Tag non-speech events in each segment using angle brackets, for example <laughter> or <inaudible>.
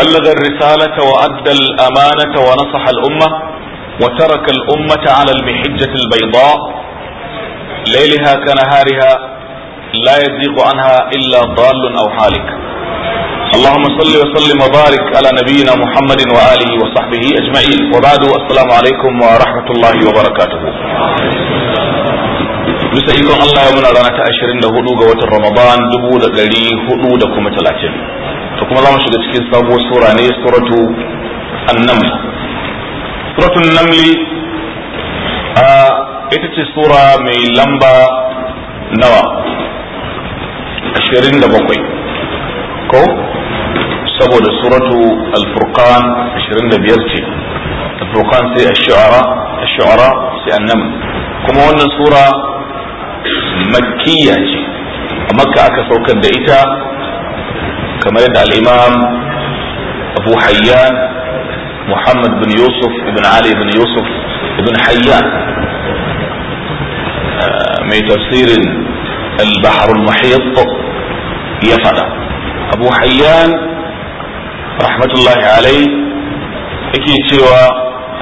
بلغ الرسالة وأدى الأمانة ونصح الأمة وترك الأمة على المحجة البيضاء ليلها كنهارها لا يزيغ عنها إلا ضال أو حالك اللهم صل وسلم وبارك على نبينا محمد وآله وصحبه أجمعين وبعد السلام عليكم ورحمة الله وبركاته bisa الله Allah ya تأشرين rana رمضان 24 ga watan Ramadan 1430 to kuma za mu shiga cikin sabuwar sura ne suratu annaml suratu namli ita ce sura mai lamba nawa ashirin da bakwai ko saboda suratu alfurqan ashirin da biyar ce Al-Furqan sai ashu'ara ashu'ara sai annaml kuma wannan sura makkiya ce a makka aka saukar da ita كما يدعى الإمام أبو حيان محمد بن يوسف بن علي بن يوسف بن حيان آه، من تفسير البحر المحيط يفعل أبو حيان رحمة الله عليه اكي سوى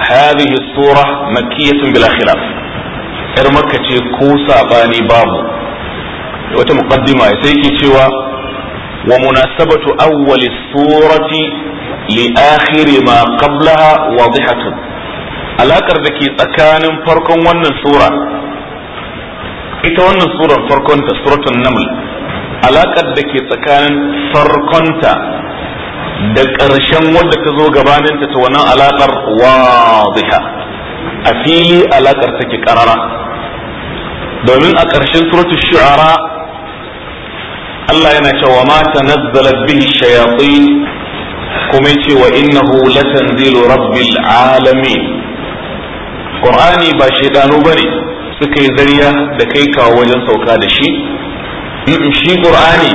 هذه الصورة مكية بلا خلاف ارمكة كوسا باني بابو وتمقدمة سيكي سوى ومناسبة أول السورة لآخر ما قبلها واضحة alakar da ke tsakanin farkon wannan sura ita wannan surar farkonta suratul naml alakar da ke tsakanin farkonta da ƙarshen wadda ta zo gabaninta ta wannan alaƙar wadiha a fili alakar take ƙarara. domin a ƙarshen suratul shu'ara Allah yana cewa ma tanazzalat bihi shayatin kuma yace wa innahu latanzilu rabbil alamin Qur'ani ba shaydanu bane suka yi zariya da kai kawo wajen sauka da shi shi Qur'ani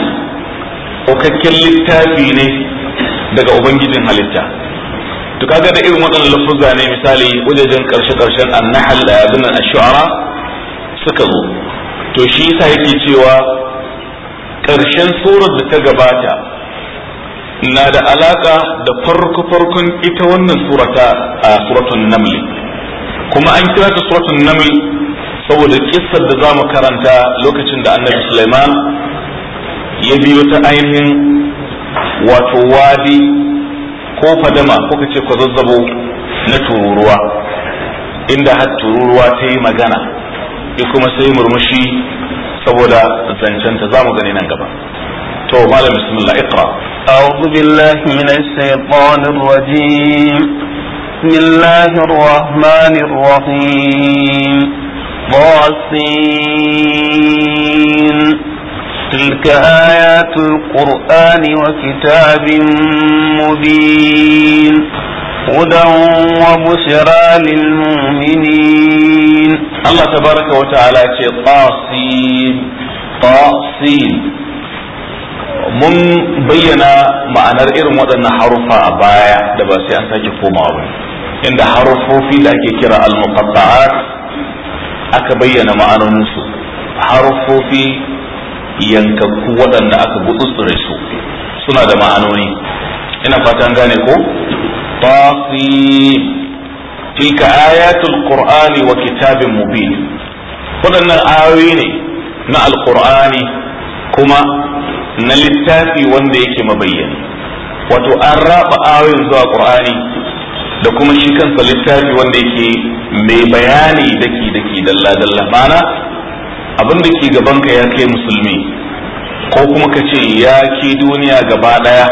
hukakken littafi ne daga ubangijin halitta to kaga da irin waɗannan lafuzza ne misali wajajen karshe-karshen annahl da abin nan suka zo to shi yasa yake cewa ƙarshen surar da ta gabata na da alaƙa da farko farkon ita wannan surata a suratun naml kuma an kira ta suratun naml saboda kissar da za mu karanta lokacin da annabi Sulaiman ya biyo ta ainihin wato wadi ko fadama ko kace ko zazzabo na tururuwa inda har tururuwa ta yi magana ya kuma sai murmushi saboda zancenta za mu gani nan gaba to malam bismillah iqra a'udhu billahi minash shaitanir rajim bismillahir rahmanir rahim ضاسين تلك آيات القرآن وكتاب مبين هدى وبشرى للمؤمنين الله تبارك وتعالى طاسين طاسين mun bayyana ma'anar irin waɗannan harufa a baya da ba sai an sake komawa ba inda harufofi da ake kira al-muqatta'at aka bayyana ma'anoninsu harufofi yankakku waɗanda aka gutsutsure su suna da ma'anoni ina fatan gane ko طاسيم تلك آيات القرآن وكتاب مبين قلنا الآيين مع القرآن كما نلتافي وانديك مبين wato an raba القرآن zuwa شكا da وانديك shi دكي دكي دلا دلا mai abin da ke gabanka ya kai musulmi ko kuma ka ce ya ke duniya gaba daya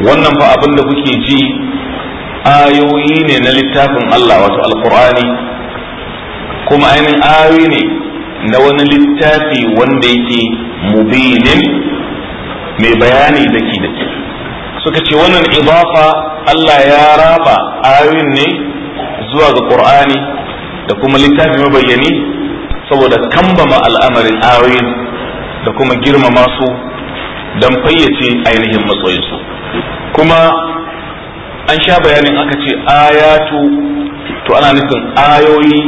wannan fa abin da kuke ji ayoyi ne na littafin Allah wato alkur'ani kuma ainihin ayoyi ne na wani littafi wanda yake mubinin mai bayani daki daki suka ce wannan idafa Allah ya raba ayoyin ne zuwa ga qur'ani da kuma littafi mabayyani saboda kambama al'amarin ayoyin da kuma girmama su don fayyace ainihin matsayinsu kuma an sha bayanin aka ce ayatu to ana nufin ayoyi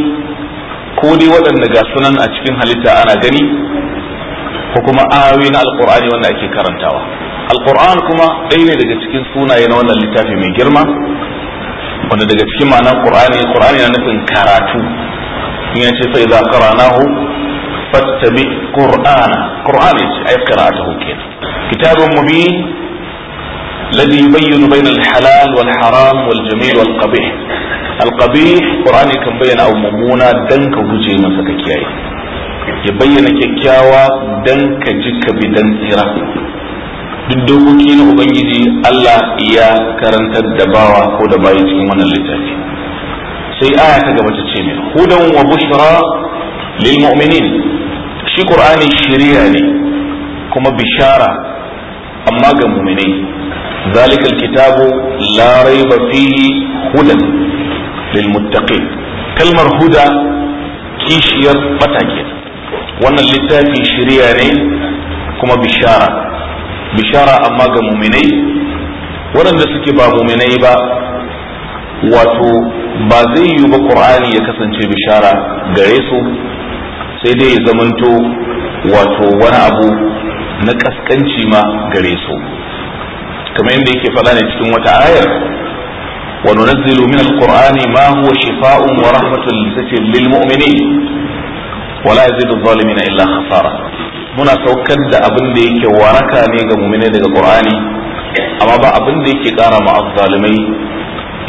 ko dai waɗanda ga sunan a cikin halitta ana gani ko kuma ayoyi na alkur'ani wanda ake karantawa alkur'an kuma ɗaya ne daga cikin sunaye na wannan littafi mai girma wanda daga cikin ma'anar qur'ani qur'ani na nufin karatu in ya ce sai za qara'nahu fattabi qur'ana qur'ani ce ai karatu kenan kitabun mubin Ladi يبين بين الحلال والحرام والجميع والقبيح القبيح قرآن كان بين أو ممونة دنك وجه مسكك ya bayyana kyakkyawa dan ka ji ka bi dan tsira duk dokoki na ubangiji Allah ya karantar da bawa ko da bayi wannan littafi sai aya ta gaba ce ne hudan wa bushra lil mu'minin shi qur'ani shari'a ne kuma bishara amma ga mu'minai ذلك الكتاب لا ريب فيه هدى للمتقين كلمة هدى كيشير بتاكير وانا اللتافي شرياني كما بشارة بشارة أما مؤمني وانا suke ba muminai ba wato ba zai yiwu ba ƙur'ani ya kasance bishara gare su sai dai ya zamanto wato wani abu na ƙasƙanci ma gare su kamar yadda yake faɗa ne cikin wata ayar wa nunazzilu min alqur'ani ma huwa shifa'un wa rahmatun lil mu'minin wa illa muna saukar da abin da yake waraka ne ga mu'mini daga qur'ani amma ba abin da yake kara ma azzalimai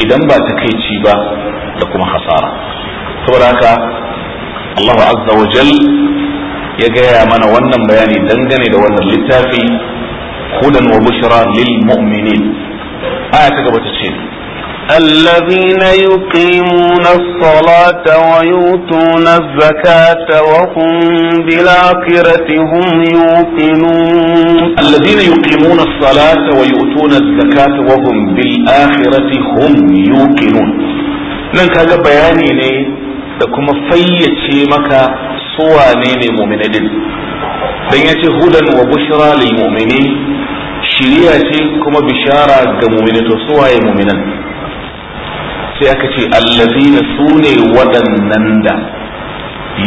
idan ba ci ba da kuma hasara saboda haka Allah azza wa jal ya gaya mana wannan bayani dangane da wannan littafi هدى وبشرى للمؤمنين آية تتشين الذين يقيمون الصلاة ويؤتون الزكاة وهم بالآخرة هم يوقنون الذين يقيمون الصلاة ويؤتون الزكاة وهم بالآخرة هم يوقنون لن kaga بياني ne da kuma fayyace maka dan ce hudan wa bushra lil mu'minin shiriya ce kuma bishara ga mu'mini to su mu'minan sai aka ce allazina sune waɗannan da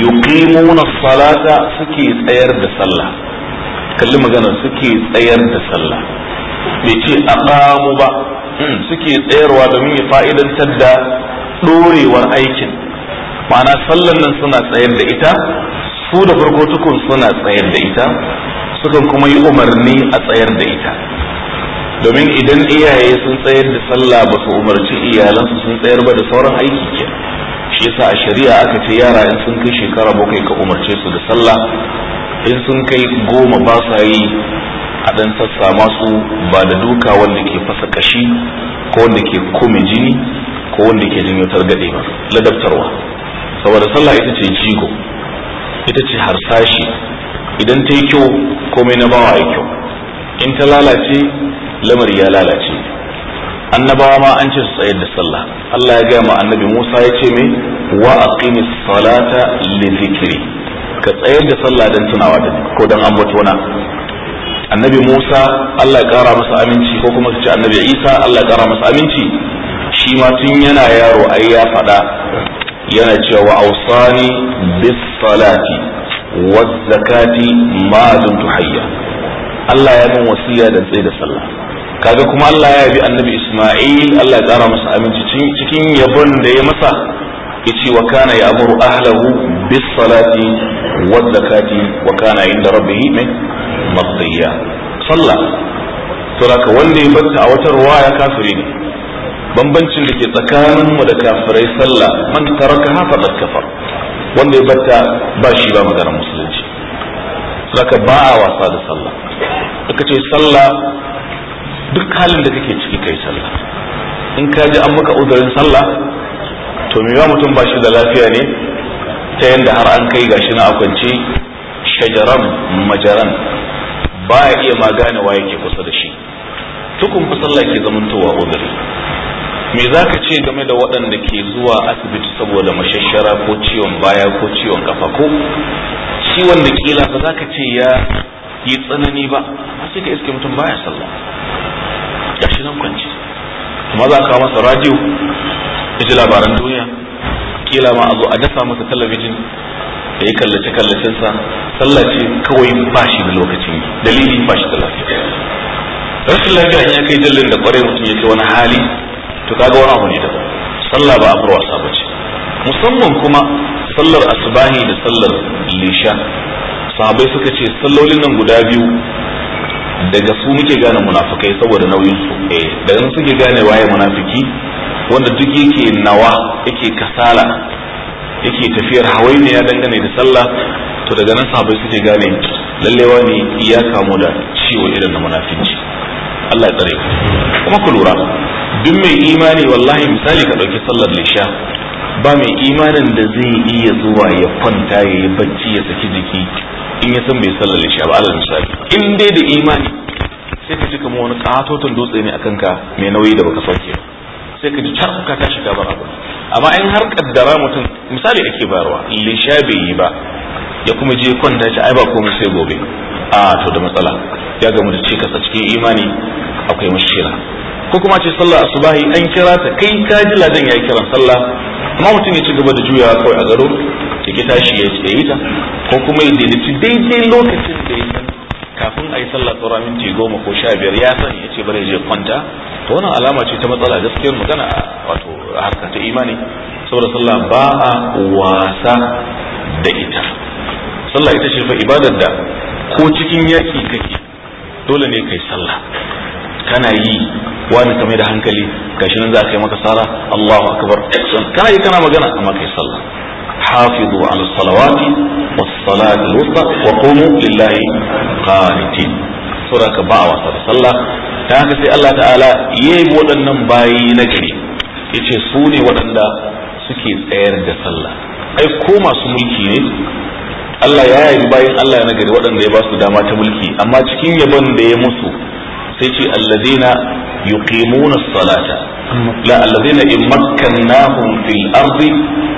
yuqimuna salata suke tsayar da sallah kalli magana suke tsayar da sallah bai ce aqamu ba hmm, suke tsayarwa domin ya fa'idantar da dorewar aikin ma'ana sallan nan suna tsayar da ita su da farko tukun suna tsayar da ita sukan kuma yi umarni a tsayar da ita domin idan iyaye sun tsayar da sallah ba su umarci iyalansu sun tsayar ba da sauran aiki ke shi yasa a shari'a aka ce yara in sun kai shekara bakwai ka umarce su da sallah in sun kai goma ba sa yi a dan sassa masu ba da duka wanda ke fasa kashi ko wanda ke kome jini ko wanda ke jinyotar gaɗe ba ladabtarwa saboda sallah ita ce jigo ita ce harsashi idan ta yi kyau komai na bawa ya kyau in ta lalace lamari ya lalace annabawa ma an ce su tsayar da sallah Allah ya gaya ma annabi Musa ya ce me wa aqimi salata li zikri ka tsayar da sallah dan tunawa da ko dan na? annabi Musa Allah ya kara masa aminci ko kuma su ce annabi Isa Allah ya kara masa aminci shi ma tun yana yaro ai ya faɗa yana cewa ausani bis salati waz zakati ma dumtu hayya Allah ya min wasiya da tsaye da sallah kaga kuma Allah ya bi annabi Isma'il Allah ya tsara masa aminci cikin yabon da ya masa yace wa kana ya'muru ahlahu bis salati waz zakati wa kana inda rabbih min maqdiya sallah to wanda ya batta a wata ruwaya kafiri ne bambancin da ke tsakanin mu da kafirai sallah man taraka hafa da kafar wanda ya bata ba shi ba maganar musulunci saka ba a wasa da sallah aka ce sallah duk halin da kake ciki kai sallah in ka ji an maka uzurin sallah to me mutum ba shi da lafiya ne ta yadda har an kai gashi na akwanci? shajaran majaran ba ya iya ma gane wa yake kusa da shi tukun fa sallah ke zamantowa uzuri me za ka ce game da waɗanda ke zuwa asibiti saboda mashashara ko ciwon baya ko ciwon kafa ko ciwon da kila ba za ka ce ya yi tsanani ba sai ka iske mutum baya sallah ya shi nan kwanci kuma za ka masa radio ya ji labaran duniya kila ma a zo a dafa masa talabijin da ya kallace kallacensa sallah ce kawai ba shi da lokacin dalili ba shi da lafiya rashin lafiya ya kai jallin da kwarai mutum ya ce wani hali to kaga wani abu ne da sallah ba abu wasa ba ce musamman kuma sallar asbahi da sallar lisha sahabai suka ce sallolin nan guda biyu daga su muke gane munafikai saboda nauyin su eh daga nan suke gane waye munafiki wanda duk yake nawa yake kasala yake tafiyar ya dangane da sallah to daga nan sahabai suke gane lallewa ne ya kamu da ciwo irin na munafinci Allah ya tsare ku kuma ku lura duk mai imani wallahi misali ka ɗauki sallar lisha ba mai imanin da zai iya zuwa ya kwanta ya yi bacci ya saki jiki in ya bai sallar lisha ba alal misali in dai da imani sai ka ji kamar wani katoton dutse ne akan kanka mai nauyi da baka sauke ba sai ka ji car ka tashi ka bar abu amma in har kaddara mutum misali ake bayarwa lisha bai yi ba ya kuma je kwanta shi ai ba komai sai gobe a to da matsala ya gamu da cikas a cikin imani akwai mashira ko kuma ce sallah asubahi an kira ta kai ka ji ladan ya kiran sallah amma mutum ya ci gaba da juyawa kawai a garo ya ki tashi ya yi ta ko kuma ya daidaici daidai lokacin da ya san kafin a yi sallah tsora minti goma ko sha biyar ya san ya ce bari je kwanta to wannan alama ce ta matsala gaskiyar magana wato harka ta imani saboda sallah ba a wasa da ita sallah ita ce fa ibadar da ko cikin yaki kake dole ne kai sallah kana yi wani ka mai da hankali gashi nan za ka yi maka sala Allahu akbar kana yi kana magana amma kai sallah حافظوا على الصلوات والصلاة الوسطى وقوموا لله قانتين سورة كباعة sallah, ta haka sai Allah ta'ala ya yi waɗannan bayi na gari ya ce su ne waɗanda suke tsayar da sallah ai ko masu mulki ne Allah ya yi bayan Allah na gari waɗanda ya ba su dama ta mulki amma cikin yabon da ya musu sai ce allazina يقيمون الصلاة لا الذين إن مكناهم في الأرض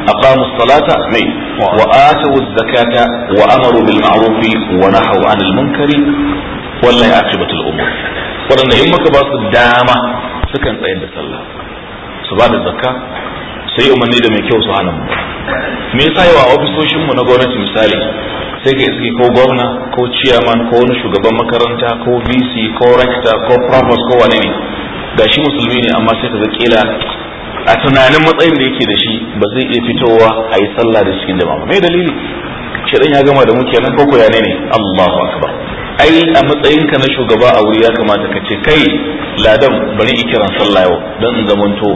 أقاموا الصلاة مين وآتوا الزكاة وأمروا بالمعروف ونحوا عن المنكر ولا عاقبة الأمور ولن إن مكباس الدامة سكن سيد الله سبحان الزكاة sai umarni da mai kyau su hana mu me yasa yawa ofisoshin mu na gwamnati misali sai ka iske ko gwamna ko ciyaman ko wani shugaban makaranta ko vc ko rector ko professor ko wane ne ga shi musulmi ne amma sai ka ga kila a tunanin matsayin da yake da shi ba zai iya fitowa a yi sallah da cikin jama'a mai dalili shirin ya gama da mu kenan ko ya ne Allahu akbar ai a matsayinka na shugaba a wuri ya kamata ka ce kai ladan bari in kiran sallah yau dan in zamanto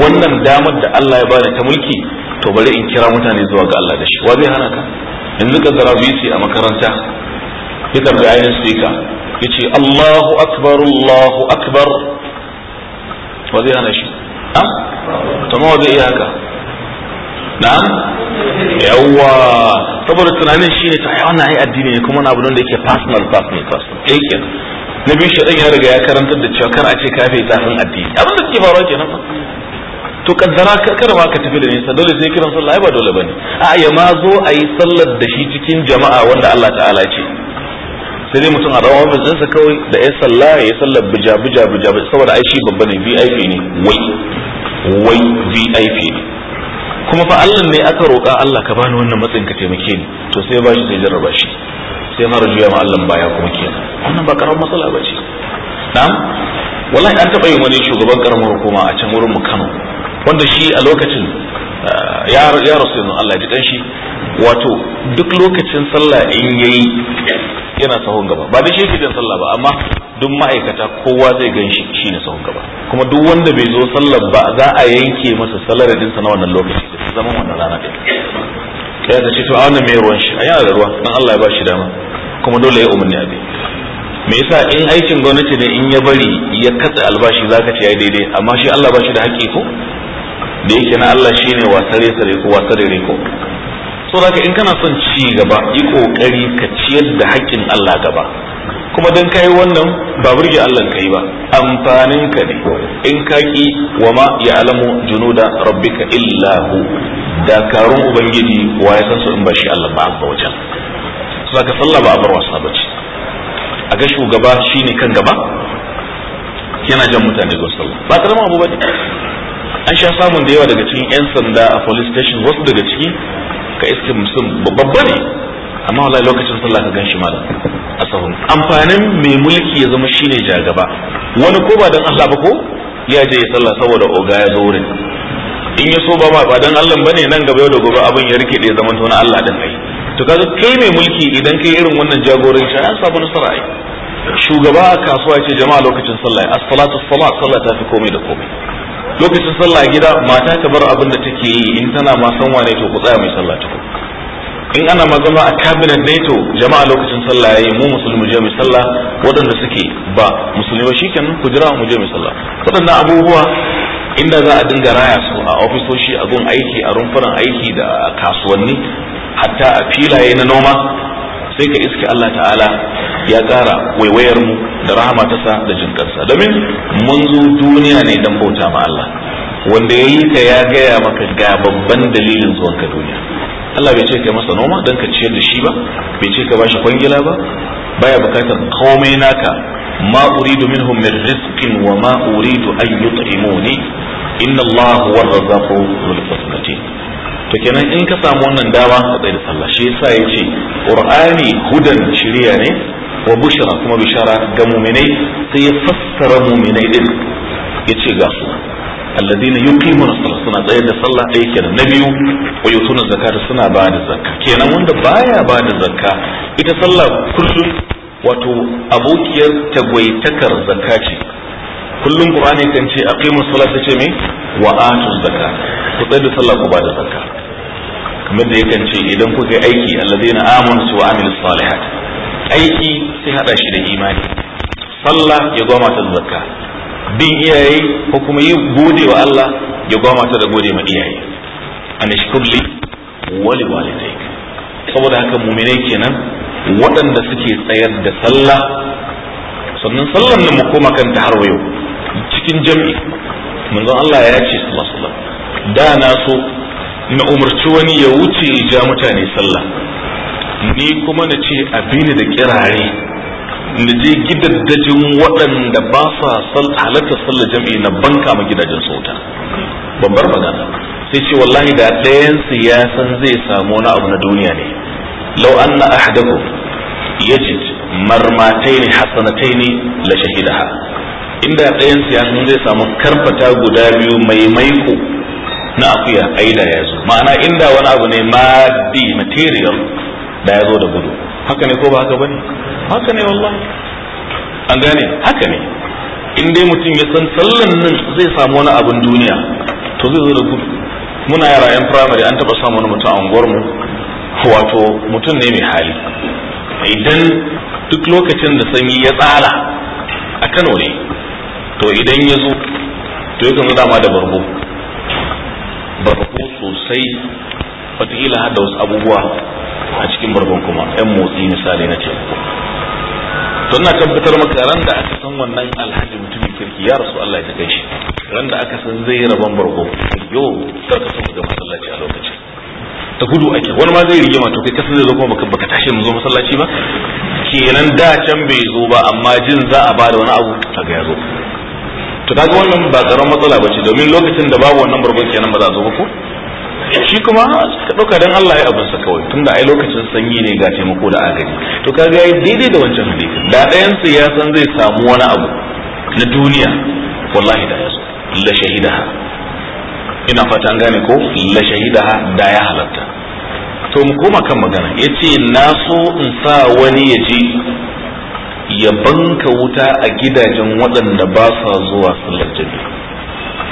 wannan damar da Allah ya bani ta mulki to bari in kira mutane zuwa ga Allah da shi wa zai hana ka yanzu ka zara ce a makaranta ya karbi ainihin sika ya ce Allahu akbar Allahu akbar wa zai hana shi a tama wa zai iya haka na'am yawwa saboda tunanin shi ne ta yi wannan ai addini ne kuma na abu da yake personal personal personal ɗaya eh, kenan na biyu shaɗan ya riga ya karantar da cewa kar a ce kafe zafin addini abin da ke faruwa kenan to kaddara kada ma ka tafi da nisa dole sai kiran sallah ai ba dole bane a ya ma zo a yi sallar da shi cikin jama'a wanda Allah ta'ala ce sai dai mutum a rawa sa kawai da ya sallah ya sallar bija bija bija saboda ai shi babba ne VIP ne wai wai VIP ne kuma fa Allah ne aka roƙa Allah ka bani wannan matsayin ka taimake ni to sai ba shi sai jarraba shi sai mara juya ma Allah baya kuma kenan wannan ba karamar matsala ba ce na'am wallahi an taɓa yin wani shugaban karamar hukuma a can wurin mu Kano wanda shi a lokacin uh, ya rasu yanzu Allah ji dan shi wato duk lokacin sallah in yayi yana sahun gaba ba da shi yake jin sallah ba amma duk ma'aikata kowa zai gan shi ne sahun gaba kuma duk wanda bai zo sallar ba za a yanke masa salaradin sa na wannan lokaci da zaman wannan rana din ya ta ce to a wannan mai ruwan shi a yana da ruwa dan Allah ya ba shi dama kuma dole ya umarni abi me yasa in aikin gwamnati ne in ya bari ya katse albashi zaka ce yayi daidai amma shi Allah ba shi da haƙƙi ko da yake na Allah shine wasare sare ko wasare reko so haka in kana son ci gaba yi kokari ka ciyar da haƙƙin Allah gaba kuma dan kai wannan ba burge Allah kai ba amfanin ka ne in ka ki wa ma ya'lamu junuda rabbika illa hu dakarun ubangiji wa ya san su in ba shi Allah ba wajen so haka sallah ba abar wasa bace a ga shugaba shine kan gaba yana jan mutane gon sallah ba karamin abu bane an sha samun da yawa daga cikin 'yan sanda a police station wasu daga ciki ka iske musu babba ne amma wallahi lokacin sallah ka ganshi malam a sahun amfanin mai mulki ya zama shine jagaba wani ko ba dan Allah ba ko ya je ya sallah saboda oga ya zo wurin in ya so ba ma ba dan Allah bane nan gaba yau da gobe abin ya rike da ya zama na Allah din kai. to kaga kai mai mulki idan kai irin wannan jagorancin an samu nasara ai shugaba kasuwa ya ce jama'a lokacin sallah as-salatu as-salat sallah ta fi komai da komai lokacin sallah gida mata ta bar abin da take yi in tana ma san wane to ku tsaya mai sallah ku in ana magana a cabinet ne to jama'a lokacin sallah yayi mu musulmi je mai sallah waɗanda suke ba musulmi ba shiken, ku jira mu je mai sallah waɗannan abubuwa inda za a dinga raya su a ofisoshi a gun aiki a rumfunan aiki da kasuwanni hatta a filaye na noma sai ka iske Allah ta'ala ya kara waiwayar mu da rahama ta sa da jin kansa domin mun zo duniya ne dan bauta ma Allah wanda ya yi ka ya gaya maka ga babban dalilin zuwan ka duniya Allah bai ce ka masa noma dan ka ciyar da shi ba bai ce ka bashi kwangila ba baya bukatar komai naka ma uridu minhum min rizqin wa ma uridu an yut'imuni inna Allah huwa ar-razzaqu dhul to kenan in ka samu wannan dama ka tsaye da sallah shi yasa ce qur'ani hudan shiriya ne wa bishara kuma bishara ga mu'minai sai ya fassara mu'minai din yace ga su alladina yuqimuna salata suna tsayar da sallah ɗaya kenan na biyu wa yutuna zakata suna ba da zakka kenan wanda baya ba da zakka ita sallah kullum wato abokiyar tagwaitakar zakka ce kullum qur'ani kan ce aqimus salata ce me wa atu zakka ku tsayar da sallah ku ba da zakka kamar da yakan ce idan kuka yi aiki alladheena amanu wa amilus salihat aiki sai hada shi da imani sallah ya goma ta zakka bin iyaye ko kuma yi gode wa Allah ya goma ta da gode ma iyaye an shkurli wa saboda haka mu'minai kenan waɗanda suke tsayar da sallah sannan sallan nan mu koma kanta har yau cikin jami'i manzon Allah ya ce sallallahu alaihi wasallam da na so na umarci wani ya wuce ja mutane sallah ni kuma na ce abini da kirare na je gidaddajin waɗanda ba sa halatta sallar jam'i na banka ma gidajen sauta babbar magana sai ce wallahi da ɗayan siyasan zai samu wani abu na duniya ne lau anna marmatai ne marmataini ne la shahidaha inda ɗayan siyasan zai samu karfata guda biyu mai maiko na akuya ai da ya zo ma'ana inda wani abu ne maddi material da ya zo da gudu haka ne ko ba haka bane haka ne wallahi an gane haka ne in dai mutum ya san sallan nan zai samu wani abun duniya to zai zo da gudu muna yara yan firamare an taba samu wani mutum a unguwarmu wato mutum ne mai hali idan duk lokacin da sanyi ya tsala a Kano ne to idan ya zo to yakan kan dama da barbo barbo sosai wataƙila har da wasu abubuwa a cikin barbon kuma yan motsi misali na ce don na tabbatar maka ran da aka san wannan alhaji mutumin kirki ya rasu Allah ya kai shi ran da aka san zai rabon bargo yo kar ka ga masallaci a lokacin da gudu ake wani ma zai rigima to kai kasa zai zo kuma baka baka tashi mu zo masallaci ba kenan da can bai zo ba amma jin za a bada wani abu kaga ya zo to kaga wannan ba tsaron matsala ba ce domin lokacin da babu wannan bargon kenan ba za zo ba ko shi kuma ka ɗauka dan Allah ya abinsa kawai tunda ai lokacin sanyi ne ga taimako da agaji to kaga yayi daidai da wancan hadisi da ɗayan su ya san zai samu wani abu na duniya wallahi da ya la shahidaha ina fata an gane ko la shahidaha da ya halatta to mu koma kan magana yace na so in sa wani ya ji ya banka wuta a gidajen waɗanda ba sa zuwa sallar jami'a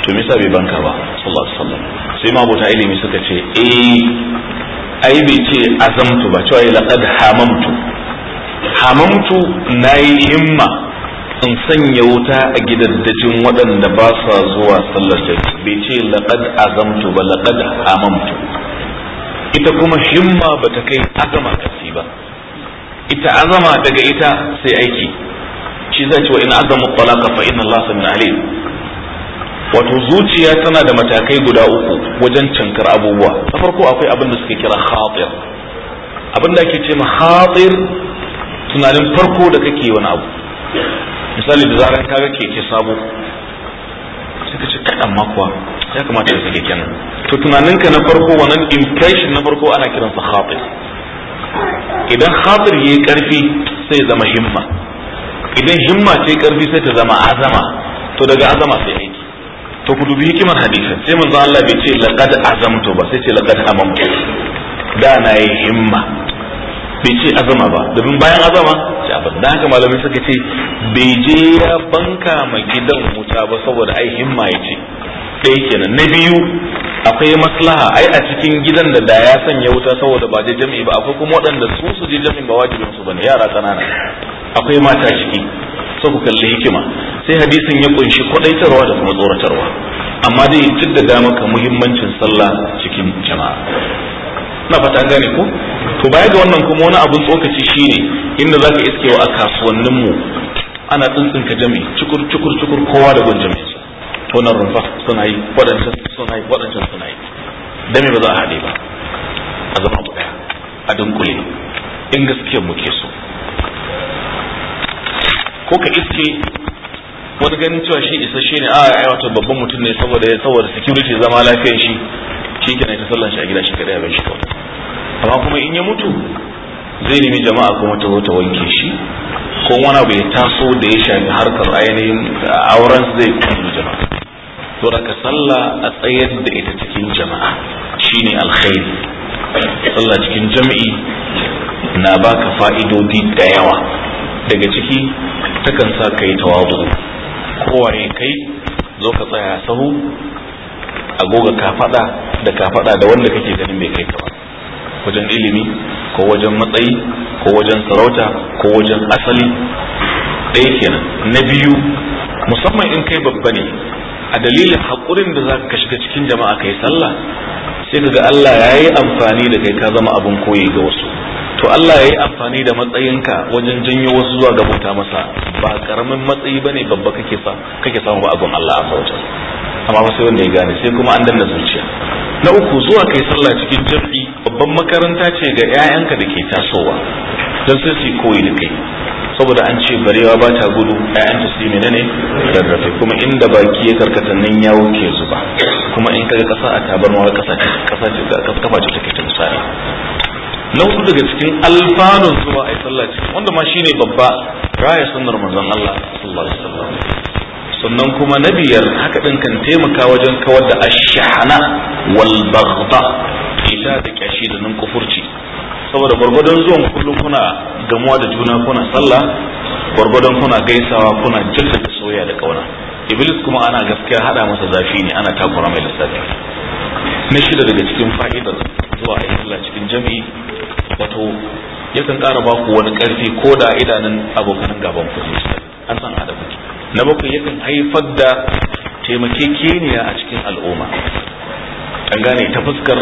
to misa bai banka ba sallallahu alaihi sai ma abota ilimi suka ce eh ai bai ce azamtu ba cewa laqad hamamtu hamamtu nayi himma in sanya wuta a gidaddajin waɗanda ba sa zuwa sallar jami'a bai ce laqad azamtu ba laqad hamamtu ita kuma himma bata kai azama kasi ba ita azama daga ita sai aiki shi zai ce wa in azama talaka fa inna Allah sami'un alim wato zuciya tana da matakai guda uku wajen cankar abubuwa na farko akwai abin da suke kira khatir abin da ake ce ma khatir tunanin farko da kake wani abu misali da zaran kaga keke sabo sai ka ce kaɗan makuwa ya kamata ka sake kenan to tunaninka na farko wannan impression na farko ana kiransa khatir idan khatir yayi karfi sai zama himma idan himma ce karfi sai ta zama azama to daga azama sai aiki to ku dubi hikimar hadisin sai mun za Allah bai ce laqad azamtu ba sai ce laqad amamtu da na yi himma bai ce azama ba domin bayan azama sai abin da haka malamai suka ce bai je ya banka ma gidan wuta ba saboda ai himma ya ce ɗaya kenan na biyu akwai maslaha ai a cikin gidan da da ya sanya wuta saboda ba je jami'i ba akwai kuma waɗanda su su je jami'i ba wajibin su bane yara kanana akwai mata ciki sai ku kalli hikima sai hadisin ya kunshi kwadaitarwa da kuma tsoratarwa amma dai jaddada maka muhimmancin sallah cikin jama'a na fata gane ko to baya ga wannan kuma wani abun tsokaci shine inda zaka wa a kasuwannin mu ana tsuntsunka jami'i cukur cukur cukur kowa da gun wannan rumfa suna yi waɗancan suna yi waɗancan suna yi da me ba za a haɗe ba a zama mu ɗaya a dunkule in gaskiyar mu ke so ko ka iske wani ganin cewa shi isasshe ne a ai wato babban mutum ne saboda saboda security zama lafiyar shi shi kenan ta sallan shi a gida shi kada ya shi kawai amma kuma in ya mutu zai nemi jama'a kuma ta zo ta wanke shi ko wani abu ya taso da ya shafi harkar ainihin auren zai kuma jama'a to raka sallah a tsayar da ita cikin jama'a shine alkhairi sallah cikin jami'i na baka fa'idodi da yawa daga ciki takan sa kai tawadu kowane kai zo ka tsaya sahu a goga kafada da kafada da wanda kake ganin bai kai ka ba wajen ilimi ko wajen matsayi ko wajen sarauta ko wajen asali ɗaya kenan na biyu musamman in kai babba ne a dalilin haƙurin da za ka shiga cikin jama'a kai sallah sai ka ga Allah ya yi amfani da kai ka zama abin koyi ga wasu to Allah ya yi amfani da matsayinka wajen janyo wasu zuwa ga bauta masa ba karamin matsayi bane babba kake sa kake samu ba abin Allah a wajen. amma ba sai wanda ya gane sai kuma an danna zuciya na uku zuwa kai sallah cikin jam'i babban makaranta ce ga 'ya'yanka da ke tasowa don sai su koyi da kai saboda an ce barewa ba ta gudu ayan ta sai menene rarrafe kuma inda baki ya karkata nan yawo ke zuba kuma in kaga kasa a tabarma kasa kasa kafa ce take ta misali na daga cikin alfanun zuwa ai sallah wanda ma shine babba raya sunnar manzon Allah sallallahu alaihi wasallam sannan kuma na biyar haka ɗin kan taimaka wajen kawar da ashahana wal bagda ita da kyashi da nan kufurci saboda gwargwadon zuwan kullum kuna gamuwa da juna kuna sallah gwargwadon kuna gaisawa kuna jirka da soya da kauna iblis kuma ana gaskiya hada masa zafi ne ana takura mai lissafi na shida daga cikin fa'idar zuwa a sallah cikin jami'i wato yakan ƙara ba wani karfi ko da idanun abokan gaban ku an san adabu na bakwai yakan haifar da taimakekeniya a cikin al'umma an gane ta fuskar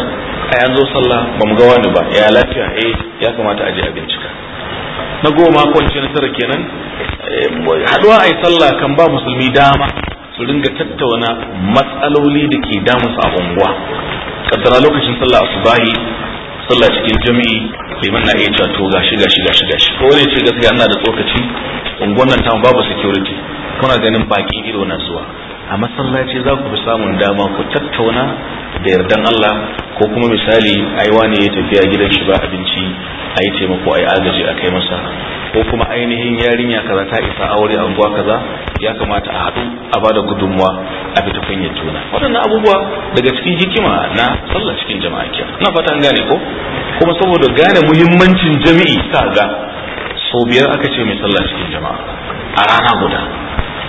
a yanzu sallah ba mu ga wani ba ya lafiya eh ya kamata a je a bincika na goma ko na tara kenan eh, haduwa yi sallah kan ba musulmi dama su ringa tattauna matsaloli da ke damu a unguwa kaddara lokacin sallah asubahi sallah cikin jami'i liman na iya cewa to gashi gashi gashi gashi ko wani ce gaskiya ina da tsokaci unguwan nan tamu babu security kuna ganin baki ido na zuwa a masallaci za ku fi samun dama ku tattauna da yardan Allah ko kuma misali aiwa ne ya tafiya gidan shi ba abinci a yi taimako a yi agaji a kai masa ko kuma ainihin yarinya kaza ta isa aure a unguwa kaza ya kamata a haɗu a bada gudunmuwa a bi fita ya juna waɗannan abubuwa daga cikin hikima na sallah cikin jama'a kiyar na fata gane ko kuma saboda gane muhimmancin jami'i sa ga sau biyar aka ce mai sallah cikin jama'a a rana guda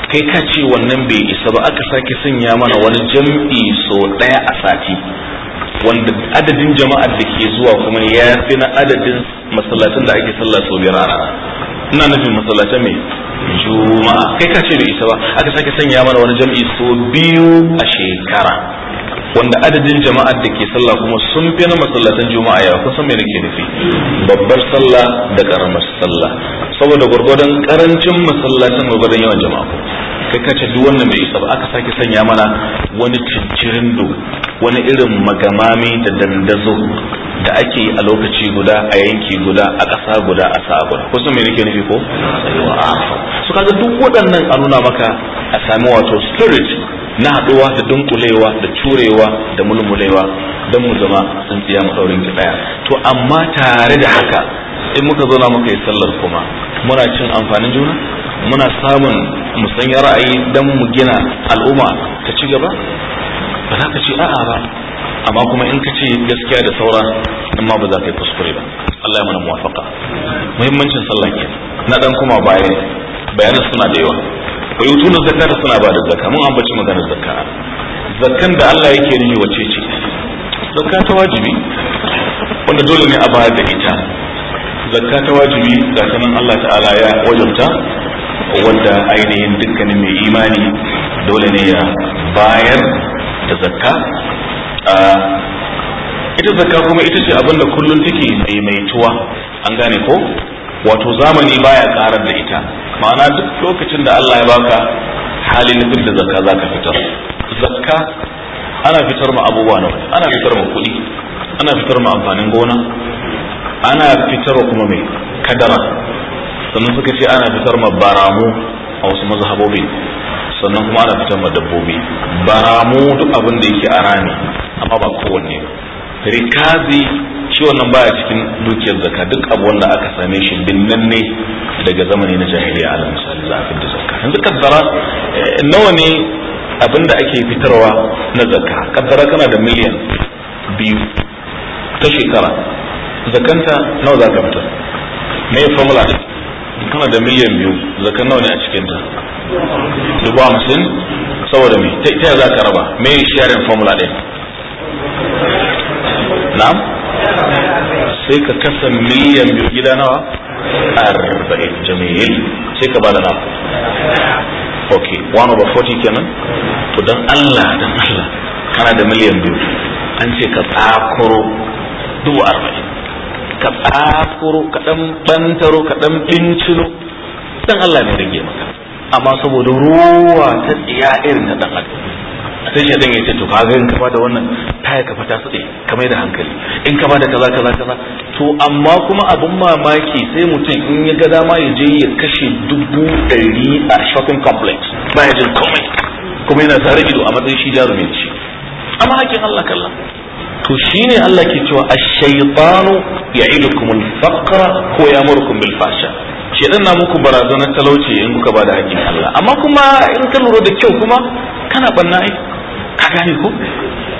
kai ka ce wannan bai isa ba aka sake sanya mana wani jam'i so ɗaya a sati wanda adadin jama'ar da ke zuwa kuma ya fi na adadin masallatan da ake sallah sau biyar a ina nufin masallatan mai juma'a kai ka ce bai isa ba aka sake sanya mana wani jam'i sau biyu a shekara wanda adadin jama'ar da ke sallah kuma sun fi na masallatan juma'a ya kusa mai nake nufi babbar sallah da karamar sallah saboda gwargwadon karancin masallatan gwargwadon yawan jama'a kai ka ce duk wannan bai isa ba aka sake sanya mana wani cincirindo wani irin magamami da dandazo da ake yi a lokaci guda a yanki guda a ƙasa guda a sa'a guda kusan me nake nufi ko su kaga duk waɗannan a nuna maka a sami wato spirit na haɗuwa da dunkulewa da turewa, da mulmulewa don mu zama tsintsiya mu ɗaurin ki ɗaya to amma tare da haka in muka zauna muka yi sallar kuma muna cin amfanin juna muna samun musanya ra'ayi don mu gina al'umma ta ci gaba ba za ka ce a'a ba amma kuma in ka ce gaskiya da saura amma ba za ka yi kuskure ba Allah ya mana muwafaka muhimmancin sallah ke na dan kuma baya bayanan suna da yawa bai tunan zakka da suna ba da zakka mun ambaci magana zakka zakkan da Allah yake nuni wace ce zakka ta wajibi wanda dole ne a bayar da ita zakka ta wajibi zakka sanan Allah ta'ala ya wajabta wanda ainihin dukkanin mai imani dole ne ya bayar da zakka ita zakka kuma ita ce abin da kullum take tuwa an gane ko wato zamani baya karar da ita ma'ana duk lokacin da Allah ya baka halin fitar da zakka zaka fitar zakka ana fitar ma abubuwa na ana fitar ma kuɗi ana fitar ma amfanin gona ana fitar kuma mai kadara sannan suka ce ana fitar ma baramu a wasu mazhabobin sannan kuma ana fitar ma dabbobi baramu duk abin da yake a rami amma ba kowanne ba rikazi shi nan baya cikin dukiyar zakka duk abu wanda aka same shi binnan ne daga zamani na jahiliya ala misali za a fitar zakka yanzu kaddara eh, nawa ne abinda ake fitarwa na zakka kaddara kana da miliyan biyu ta shekara zakanta nawa za ka fitar me formula kana da miliyan biyu zakan nawa ne a cikinta dubu hamsin saboda me ta za ka raba me sharing formula ɗin na'am sai ka kasa miliyan biyu gida nawa arba'in jamil sai ka bada nawa ok one over forty kenan to dan Allah dan Allah kana da miliyan biyu an ce ka tsakuro dubu arba'in ka tsakuro ka dan bantaro ka dan bincino dan Allah ne rage maka amma saboda ruwa ta tsiya irin ta dan adam sai shedan ya ce to kaga in ka bada wannan taya ka fata su ka mai da hankali in ka bada kaza kaza kaza to amma kuma abin mamaki sai mutum in ya ga dama ya je ya kashe dubu ɗari a shopping complex ba ya jin komai kuma yana tare ido a matsayin shi jarumin shi amma hakin Allah kallon to shine Allah ke cewa ash-shaytanu ya'idukum al-faqra ko ya'murukum bil fahsha shedan na muku barazanar talauci in kuka bada hakkin Allah amma kuma in ka lura da kyau kuma kana banna ai ka gane ko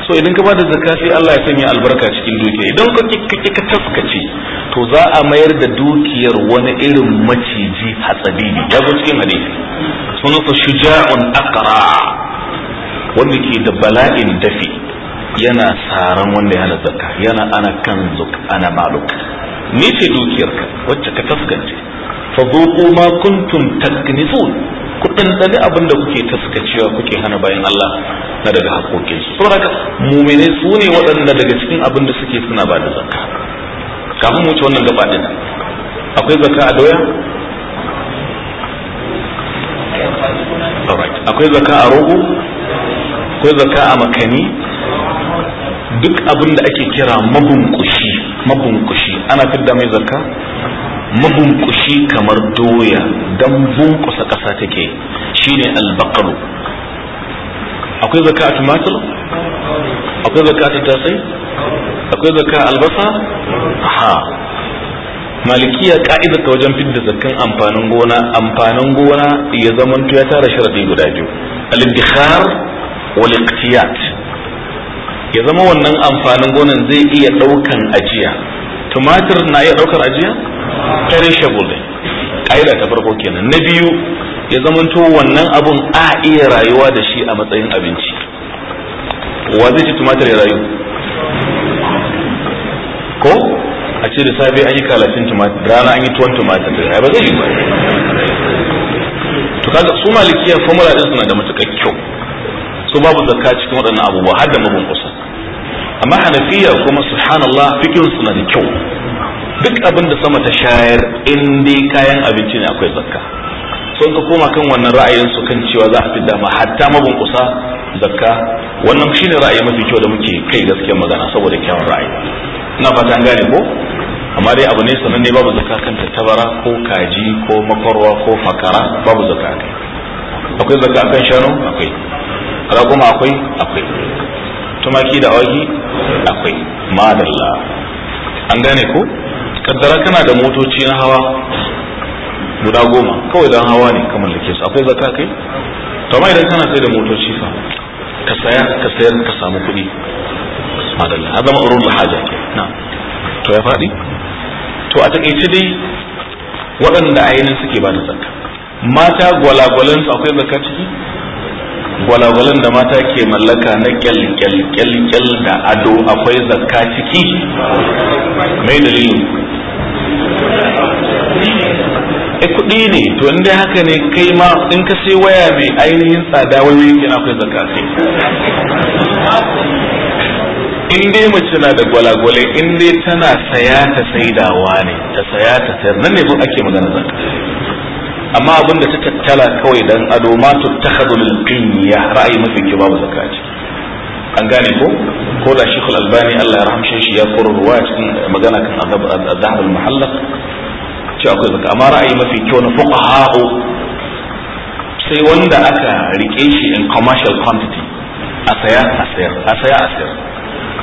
so idan ka bada zakka sai Allah ya sanya albarka cikin dukiya idan ka kike ka taskace to za a mayar da dukiyar wani irin maciji hatsabibi ya zo cikin hadisi sunan sa shuja'un aqra wanda ke da bala'in dafi yana saran wanda yana zakka yana ana kan zuk ana maluk ni ce dukiyar ka, wacce ka taskance fa ma kuntum taknifun ku ɗanɗani abin da kuke taskacewa kuke hana bayan Allah na daga su saboda haka muminai su ne waɗanda daga cikin abin da suke suna ba da zakka kafin mu wuce wannan gaba din akwai zakka a doya akwai zakka a rogo akwai zakka a makani duk abin da ake kira mabunkushi mabunkushi ana fidda mai zakka mabunkushi kamar doya don bunkusa ƙasa take shine albakaru akwai zaka a tumatir akwai zaka a tattasai akwai zaka albasa ha malikiya ka'ida ta wajen fidda zakkan amfanin gona amfanin gona ya zamanto ya tara sharadi guda biyu al-idkhar wal iqtiyat ya zama wannan amfanin gonan zai iya ɗaukan ajiya tumatir na iya ɗaukar ajiya perishable ne ta farko kenan na biyu ya to wannan abun a iya rayuwa da shi a matsayin abinci wa zai ci tumatir ya rayu ko a ce da safe an yi kalacin tumatir rana an yi tuwon tumatir da ba zai yi ba to kaga su malikiya formula din suna da matukar kyau su babu zakka cikin waɗannan abubuwa har da mabun kusa amma hanafiya kuma subhanallah fikin suna da kyau duk abin da sama ta shayar in kayan abinci ne akwai zakka sun ka koma kan wannan ra'ayin su kan cewa za a fi dama hatta kusa zakka wannan shine ra'ayi mafi kyau da muke kai gaskiyar magana saboda kyawun ra'ayi ina fata an gane ko amma dai abu ne sananne ne babu zakka kan tattabara ko kaji ko makwarwa ko fakara babu zakka akwai zakka kan shanu akwai kuma akwai akwai tumaki da awaki akwai madalla an gane ko kaddara kana da motoci na hawa guda goma kawai don hawa ne kamar da ke su akwai zaka kai to mai idan kana sai da motoci fa ka saya ka sayar ka samu kuɗi madalla hada ma'rurul haja ke na to ya faɗi to a takaice dai waɗanda ainihin suke ba da zakka mata gwalagwalansu akwai zakka ciki gwalagwalan da mata ke mallaka na kyalkyalkyalkyal da ado akwai zakka ciki mai dalilin e kuɗi ne to inda haka ne kai ma in ka sai waya mai ainihin tsada wani yankin akwai zakka ce in dai mace na da gwalagwale in dai tana saya ta saidawa ne ta saya ta sayar nan ne zo ake magana zakka amma abin da ta tattala kawai dan ado ma tuttakhadul qinya ra'ayi mafi kyau babu zakati an gane ko ko da shi albani Allah ya rahamshe shi ya koro ruwa cikin magana kan adab adhar al muhallaq ce akwai zakka amma ra'ayi mafi kyau na fuqaha sai wanda aka rike shi in commercial quantity a saya a sayar a saya a sayar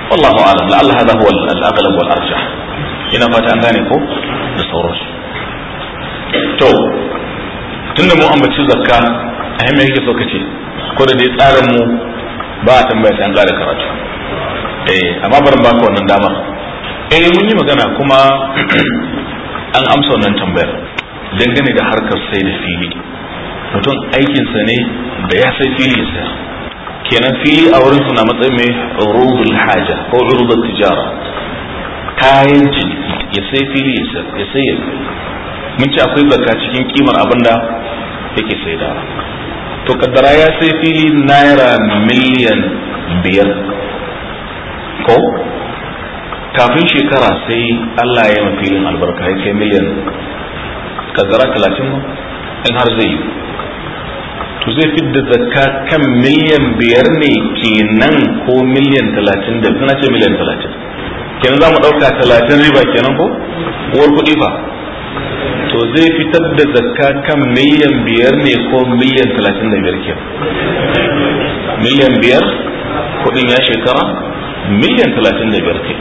wallahu a'lam la Allah hada huwa al-aghlab wal arjah ina fata an gane ko da sauransu to tunda mu ambaci zakka a himma yake so kace ko da dai tsarin mu ba a tambaya sai an gane karatu eh amma barin baka wannan dama eh mun yi magana kuma <clears throat> an amsa wannan tambayar dangane da harkar sai da fili mutum aikinsa ne da ya sai fili ya kenan fili a wurin suna matsayin mai urudul haja ko urudul tijara kayan ciniki ya sai fili ya sai ya mun ce akwai zakka cikin kimar abin da yake saida. to kaddara ya sai fili naira miliyan biyar ko kafin shekara sai Allah ya yi filin albarka ya kai miliyan kaddara talatin in har zai yi to zai fidda zakka kan miliyan biyar ne kenan ko miliyan talatin da kuna ce miliyan talatin kenan za mu ɗauka talatin riba kenan ko uwar kuɗi ba to zai fitar da zakka kan miliyan biyar ne ko miliyan talatin da biyar ke miliyan biyar kudin ya shekara miliyan talatin da biyar ke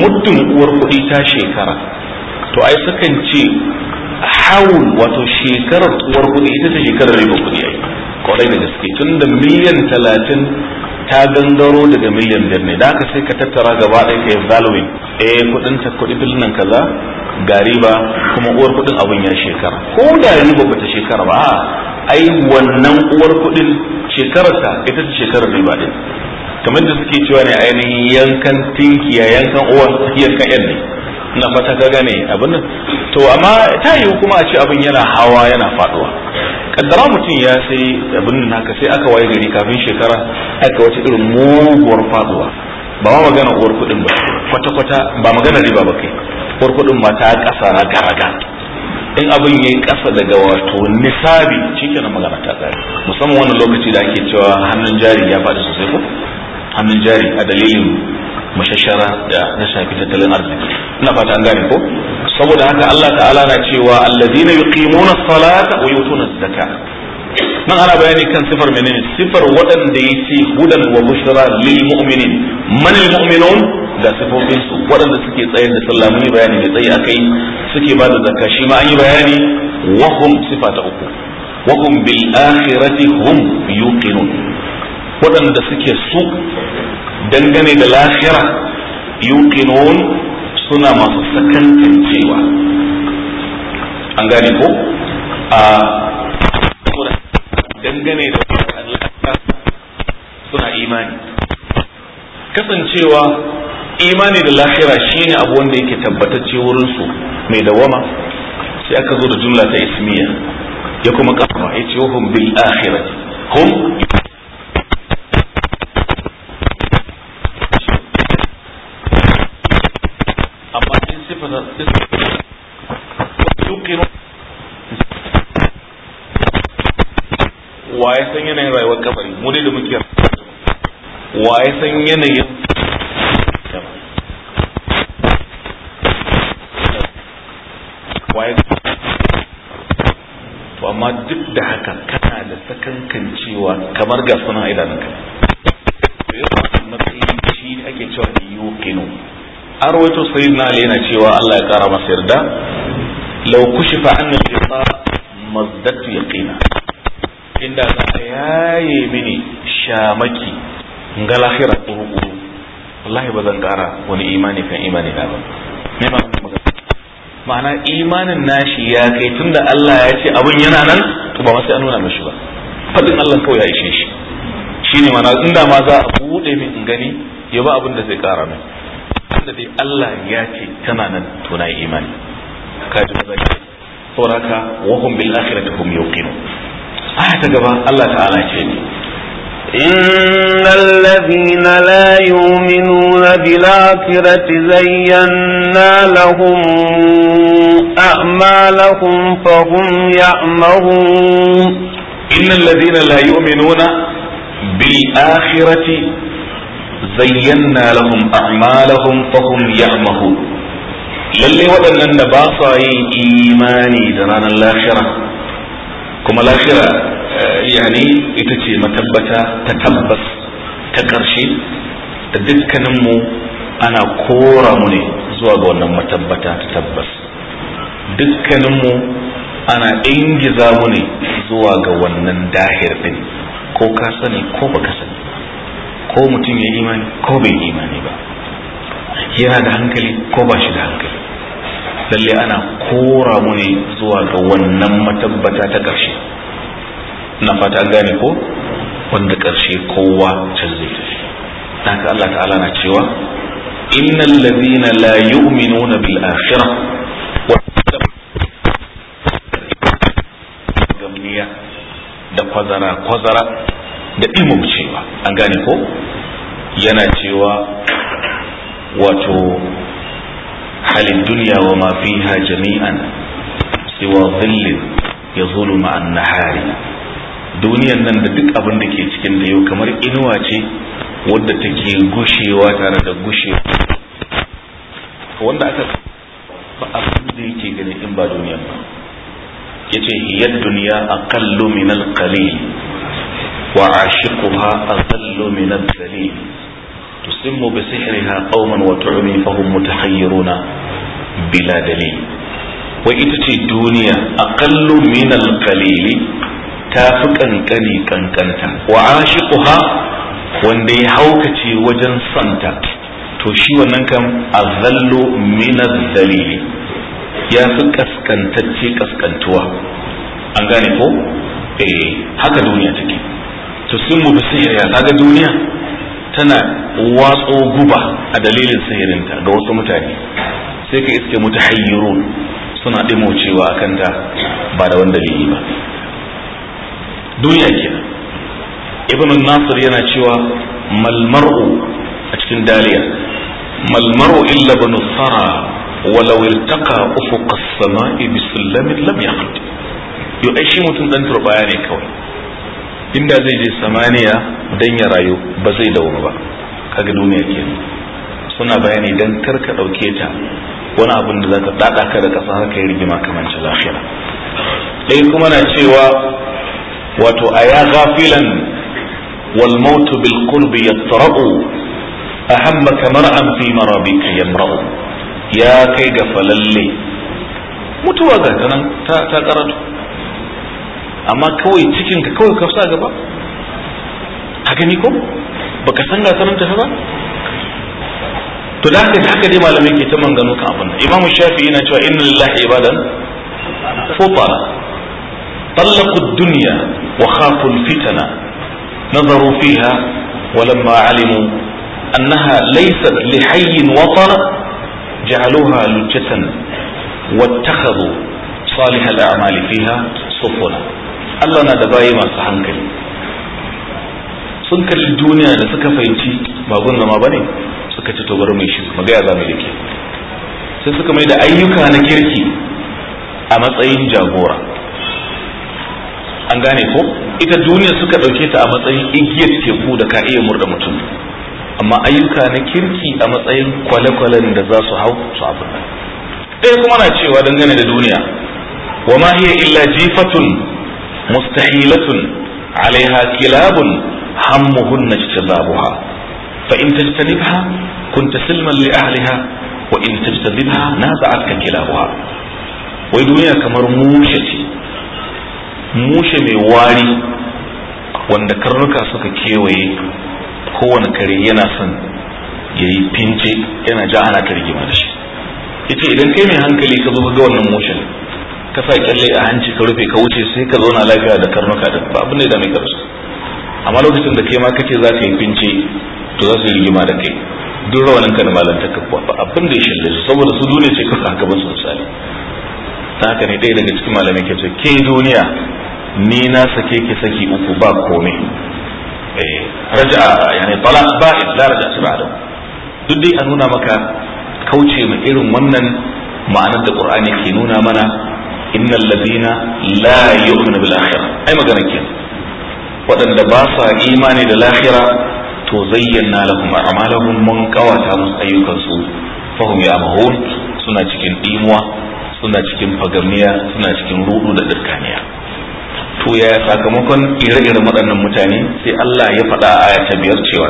muddin uwar kudi ta shekara to ai sukan ce hawul wato shekarar uwar kudi ita ce shekarar riba kudi ai kwarai da gaske tun da miliyan talatin ta gangaro daga miliyan biyar ne da aka sai ka tattara gaba ɗaya ka yi valuing eh kuɗin ta kuɗi bilinan kaza ga riba kuma uwar kuɗin abun ya shekara ko da riba ba ta shekara ba a ai wannan uwar kuɗin shekararta ita ce shekarar riba ɗin kamar da suke cewa ne ainihin yankan tinkiya yankan uwar yankan yan ne na fata ka gane abin nan to amma ta yiwu kuma a ce abin yana hawa yana faɗuwa kaddara mutum ya sai abin nan sai aka waye gari kafin shekara aka wace irin muguwar faduwa ba ma magana uwar kuɗin ba kwata-kwata ba magana riba ba kai uwar kuɗin ma ta ƙasa na garaga in abin ya yi ƙasa daga wato nisabi cikin magana ta tsari musamman wannan lokaci da ake cewa hannun jari ya faɗi sosai ko hannun jari a dalilin mashashara da na shafi tattalin arziki ina fata an gane ko saboda haka Allah ta'ala na cewa allazina yuqimuna as-salata wa yutuna az-zaka nan ana bayani kan sifar menene sifar waɗanda yace hudan wa bushra lil mu'minin man al mu'minun da sifofin su waɗanda suke tsayar da sallah mun bayani ne tsayi akai suke ba da zakka shi ma an yi bayani wa hum sifata uku wa hum bil akhirati hum yuqinun waɗanda suke su dangane da lahira yuqinun suna masu sakantancewa an gane ko a dangane da Allah suna imani kasancewa imani da lahira shine abu wanda yake tabbatacce wurin su mai dawama sai aka zo da jumla ta ismiya ya kuma kafa ya ce bil akhirah hum صفة ويقر waye san yanayin rayuwar kabari mu dai da muke waye san yanayin waye to amma duk da haka kana da sakankan cewa kamar ga sunan idanunka a rawaito sayyidina ali yana cewa Allah ya kara masa yarda law kushifa anna shiqa mazdatu yaqina inda za yaye mini shamaki ga lahira kuru wallahi ba zan kara wani imani kan imani na ba me ma ma'ana imanin nashi ya kai tunda Allah ya ce abun yana nan to ba sai an nuna mishi ba fadin Allah kawai ya ishe shi shine ma'ana inda ma za a bude min in gani ya ba abin da zai kara min tunda dai Allah ya ce tana nan to na imani ka ji maza ki wa hum bil akhirati hum yuqinu aya ta gaba Allah ta'ala ce ni إن الذين لا يؤمنون بالآخرة زينا لهم أعمالهم فهم يعمهون إن الذين لا يؤمنون بالآخرة zayyana lahum a'malahum ya mahu, lallai waɗannan da ba sa yin imani da ranar lahira kuma lahira eh, yani ita ce matabbata ta tabbas ta ƙarshe da dukkaninmu ana kora mu ne zuwa ga wannan matabbata ta tabbas dukkaninmu ana ingiza mu ne zuwa ga wannan dahir din ko ka sani ko baka sani ko mutum ya imani ko bai imani ba yana da hankali ko ba shi da hankali lalle ana kora mu ne zuwa ga wannan matabbata ta ƙarshe na fata gane ko wanda ƙarshe kowa can zai tafi haka Allah ta'ala na cewa innal ladina la yu'minuna bil akhirah da kwazara kwazara da cewa an gane ko yana cewa wato halin duniya wa ma fiha jami'an siwa zillin ya zulu ma'an nahari duniyan nan da duk abin da ke cikin da yau kamar inuwa ce wadda take gushewa tare da gushewa wanda aka ba abin da yake gani in ba duniyan ba yace hiyar duniya aqallu min al-qalil وعاشقها أقل من الذليل تسم بسحرها قوما وتعمي فهم متحيرون بلا دليل وإتتي الدنيا أقل من القليل تافقا كني كنكنتا ha wanda ya haukace wajen santa to shi wannan kan azallu min zalili ya fi kaskantacce kaskantuwa an gane ko eh haka duniya take to sun mu sihiriya kaga duniya tana watso guba a dalilin sihirinta ga wasu mutane sai ka iske mu hayyuru suna cewa a kanta ba da wanda dalili ba duniya kenan ibn nasir yana cewa malmar'u a cikin daliya malmar'u illa banu sara walau irtaqa ufuq as-sama'i bi lam yaqdi yo ai shi mutum dan turbaya ne kawai inda zai je samaniya dan ya rayu ba zai dawo ba kaga duniya kenan suna bayani dan karka dauke ta wani abin da zaka dada ka da kasa haka yi rigima kamar shi lafiya dai kuma na cewa wato aya ghafilan wal maut bil qurbi yatra'u kamar an fi marabika yamra'u ya kai ga falalle mutuwa ga ta ta karatu amma kawai cikin ka kawai kafsa gaba ka gani ko baka san ga sanin ta ba to lafi haka dai malamai ke ta mangano kan abin imamu shafi yana cewa inna lillahi ibadan dunya wa futara طلقوا الدنيا وخافوا الفتنة نظروا فيها ولما علموا أنها ليست لحي وطن جعلوها لجة واتخذوا صالح الأعمال فيها سفنا Allah na da bayi masu hankali sun kalli duniya da suka fahimci magun zama bane suka ci tobar mai shi mu gaya zamu dake sai suka mai da ayyuka na kirki a matsayin jagora an gane ko ita duniya suka dauke ta a matsayin igiyar teku da ka iya murda mutum amma ayyuka na kirki a matsayin kwale-kwalen da za su hau su abin nan ɗaya kuma na cewa dangane da duniya wa ma hiya illa jifatun mustahilatun alaiha kilabun hammuhunna ijtinabuha fa in kun ta silman li ahliha wa in tajtanibha naza'atka kilabuha wai duniya kamar mushe ce mushe mai wari wanda karnuka suka kewaye kowane kare yana son ya yi fince yana ja ana ta rigima da shi ita idan kai mai hankali ka zo ga wannan mushen ka sa kyalle a hanci ka rufe ka wuce sai ka zauna lafiya da karnuka da ba abin da ya dame ka amma lokacin da kai ma kace za ka yi bince to za su yi rigima da kai duk rawanin ka da malanta ka ba abin da ya shirya su saboda su dole ce kasa haka ban su misali ta haka ne ɗaya daga cikin malamai ke ce ke duniya ni na sake ki saki uku ba komai eh, raja yani talaq ba'id la raja'a ba'da duk dai a nuna maka kauce mai irin wannan ma'anar da qur'ani ke nuna mana innal ladina la yu'minu bil akhirah ai magana ke waɗanda ba sa imani da lahira to zayyana lahum a'malahum mun kawata musu ayyukansu fahum ya'mahun suna cikin ɗimuwa, suna cikin fagamiya suna cikin rudu da dirkaniya to yaya sakamakon ire-iren waɗannan mutane sai Allah ya faɗa a aya ta biyar cewa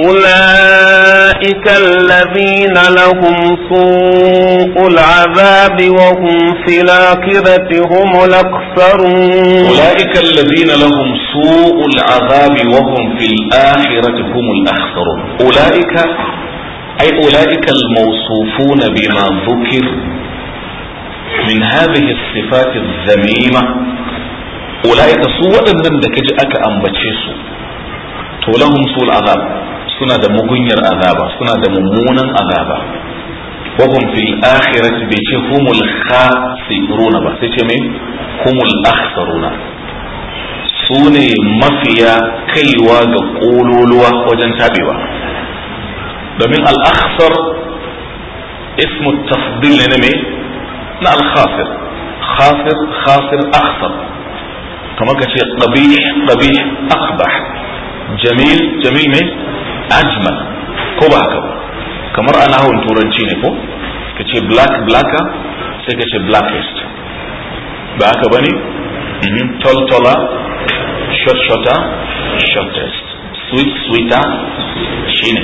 أولئك الذين لهم سوء العذاب وهم في الآخرة هم الأكثرون أولئك الذين لهم سوء العذاب وهم في الآخرة هم الأكثرون أولئك أي أولئك الموصوفون بما ذكر من هذه الصفات الذميمة أولئك سوء الذنب كجأك أك أنبتشيسو تولهم سوء العذاب suna da mugunyar azaba suna da mummunan azaba wa hum fil akhirati bi humul khasiruna ba sai ce mai humul akhsaruna su ne mafiya kaiwa ga kololuwa wajen tabewa domin al akhsar ismu tafdil ne mai na al khasir khasir khasir akhsar kamar ka ce qabih qabih akhbah jamil jamil mai ajmal ko ba haka kamar ana hawan turanci ne ko ka ce black blacker sai ka ce blackest ba haka ba ne mhm. toltola shota shortest sweet sweeter shine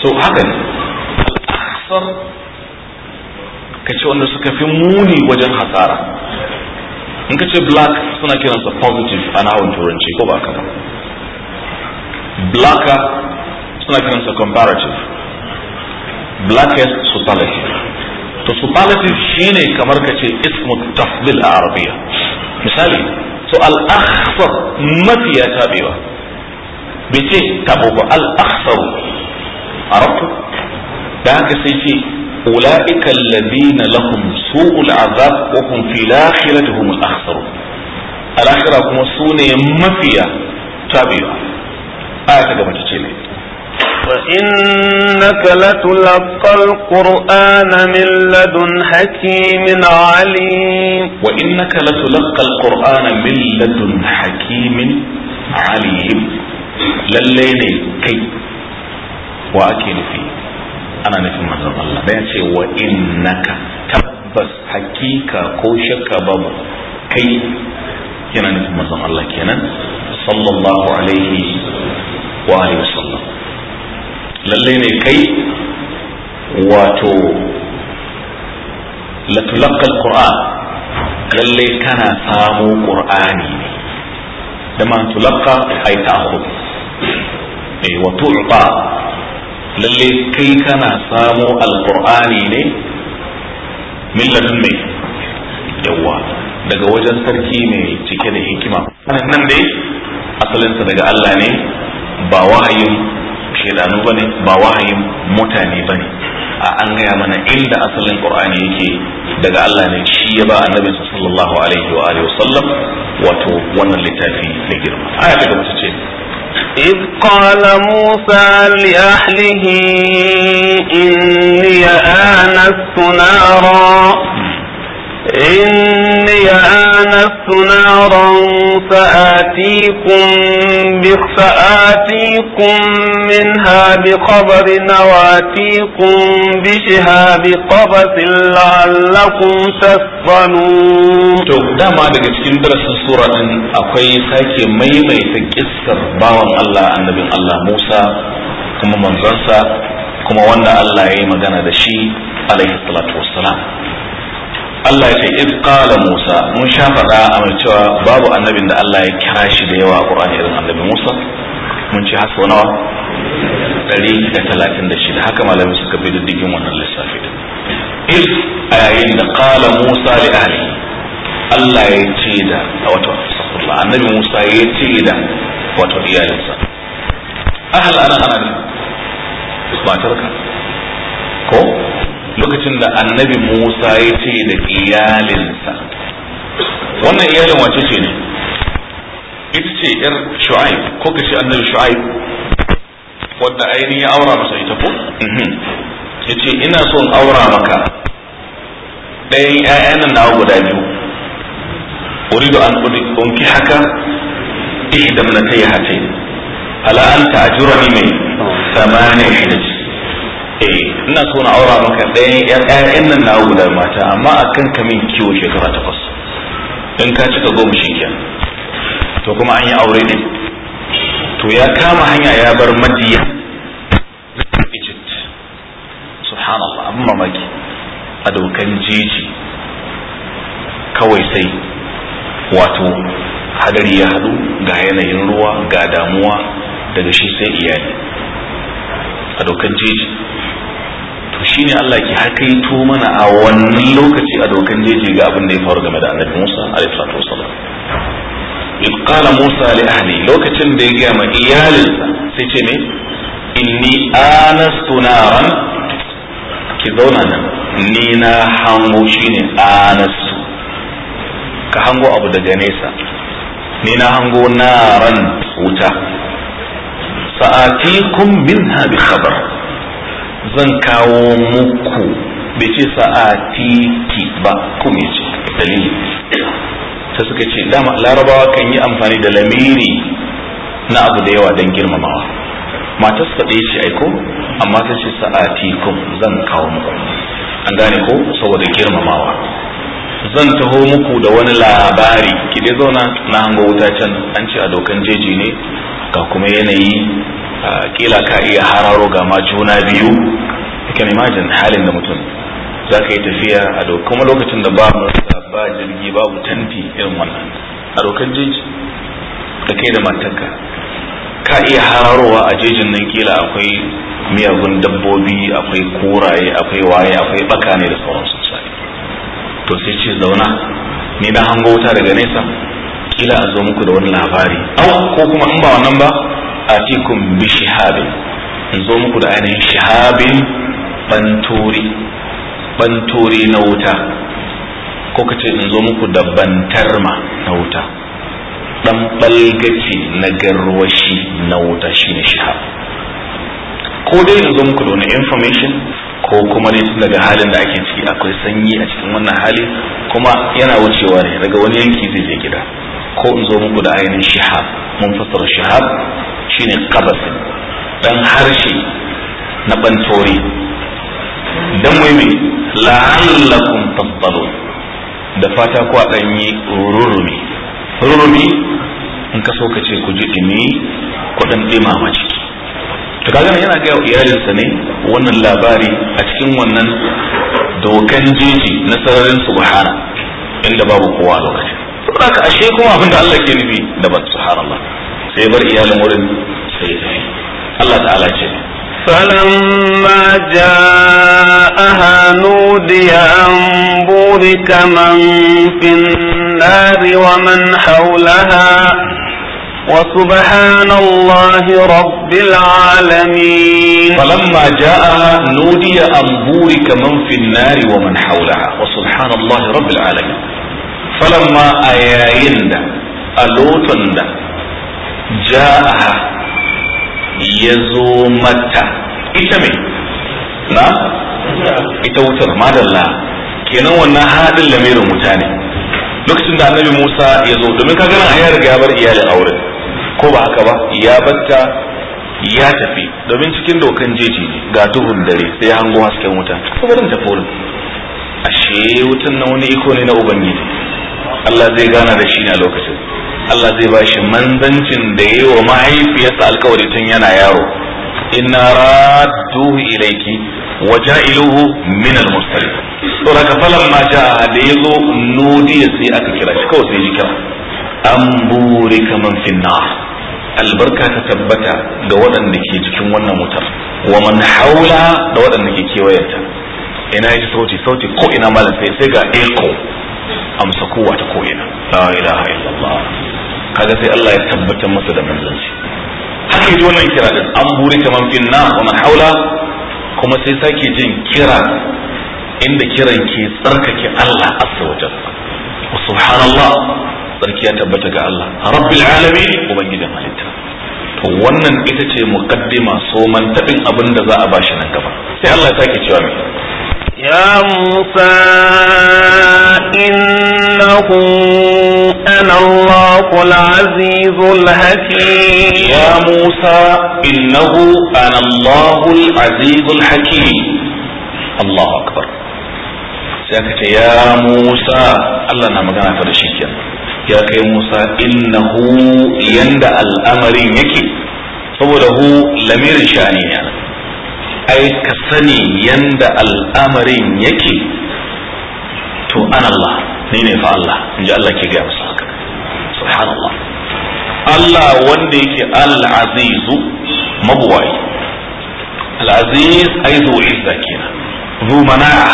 so haka ne asar ka ce wanda suka fi muni wajen hasara in ka ce black suna kiransa positive ana hawan turanci ko ba haka ba blacker it's not even a comparative blackest superlative to superlative shine kamar ka ce ismu tafdil a arabiya misali to al-akhsar ya tabewa bai ce tabo ba al-akhsar arabu da haka sai ce أولئك الذين لهم سوء العذاب وهم في الآخرة هم الأخسرون الآخرة هم سوء مفيا تابعون aya ta gaba ta ce mai وإنك لتلقى القرآن من لدن حكيم عليم وإنك لتلقى القرآن من لدن حكيم عليم لليل كي وأكي نفي أنا نفي مزر الله بيأتي وإنك تبس حقيقة كوشك بابا كي yana nufin mazan Allah kenan sallallahu alaihi wa alihi wasallam lalle ne kai wato latulaqqa alquran lalle kana samu qur'ani ne da man tulaqqa ay ta'khud eh wa tu'ta lalle kai kana samu alqur'ani ne Min millatun mai yawa daga wajen sarki ne cike da hikima nan dai asalinsa daga Allah ne ba wahayin shaidanu bane ba wahayin mutane bane a an gaya mana inda asalin qur'ani yake daga Allah ne shi ya ba annabi sallallahu alaihi wa alihi wasallam wato wannan littafi na girma aya daga mace ce إذ قال موسى لأهله إني آنست نارا إني آنست نارا فآتيكم فآتيكم منها بخبر وآتيكم بشهاب قبس لعلكم تسفنون to dama daga cikin darasin sura din akwai sake maimaita kissar bawan Allah Annabi Allah Musa kuma manzansa kuma wanda Allah ya yi magana da shi alaihi Allah ya ce iz qala Musa mun sha fada a mai cewa babu annabin da Allah ya kira shi da yawa a Qur'ani irin annabi Musa mun ce haka nawa dari da talatin da shida haka malamai suka bi diddigin wannan lissafi iz a yayin da qala Musa li ahli Allah ya ce da wato annabi Musa ya ce da wato iyalinsa ahla ana ana matarka ko lokacin da annabi Musa ya ce da iyalinsa wannan iyalin wace ce ne ita ce yar shu'aib ko ka ce annabi shu'aib Wadda ainihin ya aura masa ita ko mhm. ya ce ina son aura maka ɗayan ƴaƴan nan nawa guda biyu uridu an unki haka ihda min tayyahatayn oh. ala anta ajurani mai thamani hijaj eh ina so na aura maka ɗayan ƴan ƴaƴan nan na guda mata amma akan ka min kiwo shekara takwas in ka cika goma shi kenan to kuma an yi aure din to ya kama hanya ya bar madiya Egypt subhanallah abin mamaki a dokan jeji kawai sai wato hadari ya haɗu ga yanayin ruwa ga damuwa daga shi sai iyali a dokan jeji to shine Allah ke hakaito mana a wannan lokaci a dokan jeji ga abin da ya faru game da annabi Musa alaihi salatu wasallam in qala Musa li ahli lokacin da ya ga ma iyalinsa sai ce me inni anastu naran ki zauna nan ni na hango shine anastu ka hango abu daga nesa ni na hango naran wuta sa'atikum minha bi khabar zan kawo muku bai ce sa'atiki ba kuma ce dalili ta suka ce dama larabawa kan yi amfani da lamiri na abu da yawa don girmamawa matar su ɗaya ce aiko amma ta ce sa'atikun zan kawo muku an gane ko saboda girmamawa zan taho muku da wani labari ki dai zauna na hango wuta can an ce a dokan jeji ne ga kuma yanayi kila ka iya hararo ga ma juna biyu kan imajin halin da mutum za ka yi tafiya a kuma lokacin da ba murka ba jirgi babu tanti irin wannan a dokan jeji da kai da matanka ka iya hararowa a jejin nan kila akwai miyagun dabbobi akwai kuraye akwai waye akwai baka ne da sauran sosai sai ce zauna ni na hango wuta daga nesa kila a zo muku da wani labari aw ko kuma in ba wannan ba a atikum bi shihabin in zo muku da ainihin shihabin bantori banturi na wuta ko kace in zo muku da bantarma na wuta dan balgaci na garwashi na wuta shine shihab ko dai in zo muku da wani information ko kuma ne tun daga halin da ake ciki akwai sanyi a cikin wannan hali kuma yana wucewa ne daga wani yanki zai je gida ko in zo muku da ainihin shihab mun fassara shihab shine qabasin dan harshe na bantori dan mai mai la'allakum tafdalu da fata ku a dan yi rurumi rurumi in ka so ka ce ku ji dimi ku dan ma ciki to kaga yana ga iyalinsa ne wannan labari a cikin wannan dokan jeji na sararin subhana inda babu kowa lokaci saboda ashe kuma abinda Allah ke nufi daban subhanallah sai bar iyalin wurin sai tafi Allah ta'ala ce فلما جاءها نودي أن بورك من في النار ومن حولها وسبحان الله رب العالمين فلما جاءها نودي أن بورك من في النار ومن حولها وسبحان الله رب العالمين falamma a yayin da a lotun da ja'a ya zo mata ita mai na ita wutar madalla kenan wannan haɗin lamirin mutane lokacin da annabi Musa ya zo domin ka gana ya riga bar iyalin auren ko ba haka ba ya batta ya tafi domin cikin dokan jeji ga duhun dare sai hango hasken wuta ko barin tafi wurin ashe wutan na wani iko ne na ubangiji Allah zai gana da shi ne a lokacin Allah zai bashi manzancin da yayi wa mahaifiyarsa alkawari tun yana yaro inna radduhu ilayki wa ja'iluhu min al-mursalin to daga falan ma ja da yazo sai aka kira shi kawai sai ji kira an burika man finna albarka ta tabbata ga waɗanda ke cikin wannan wutar wa man haula da waɗanda ke kewayenta ina yi sauti sauti ko ina malam sai sai ga echo amsa kowa ta ko'ina la ilaha illallah kaga sai Allah ya tabbatar masa da manzanci haka yaji wannan kira din an buri kamar finna wa man haula kuma sai sake jin kira inda kiran ke tsarkake Allah azza wa jalla subhanallah tsarki ya tabbata ga Allah rabbil alamin ubangijin halitta to wannan ita ce muqaddima soman tabin abin da za a bashi nan gaba sai Allah ya sake cewa mai يا موسى إنه أنا الله العزيز الحكيم يا موسى إنه أنا الله العزيز الحكيم الله أكبر سيكت يا موسى الله نمغانا فرشيك يا كي موسى إنه يندأ الأمر يكي فهو له لمير shani يعني. ai ka sani yanda al'amarin yake to an Allah ni ne fa Allah in ji Allah ke gaya masa haka subhanallah Allah wanda yake al aziz mabuwayi al-aziz ai zo izza kenan zu mana'a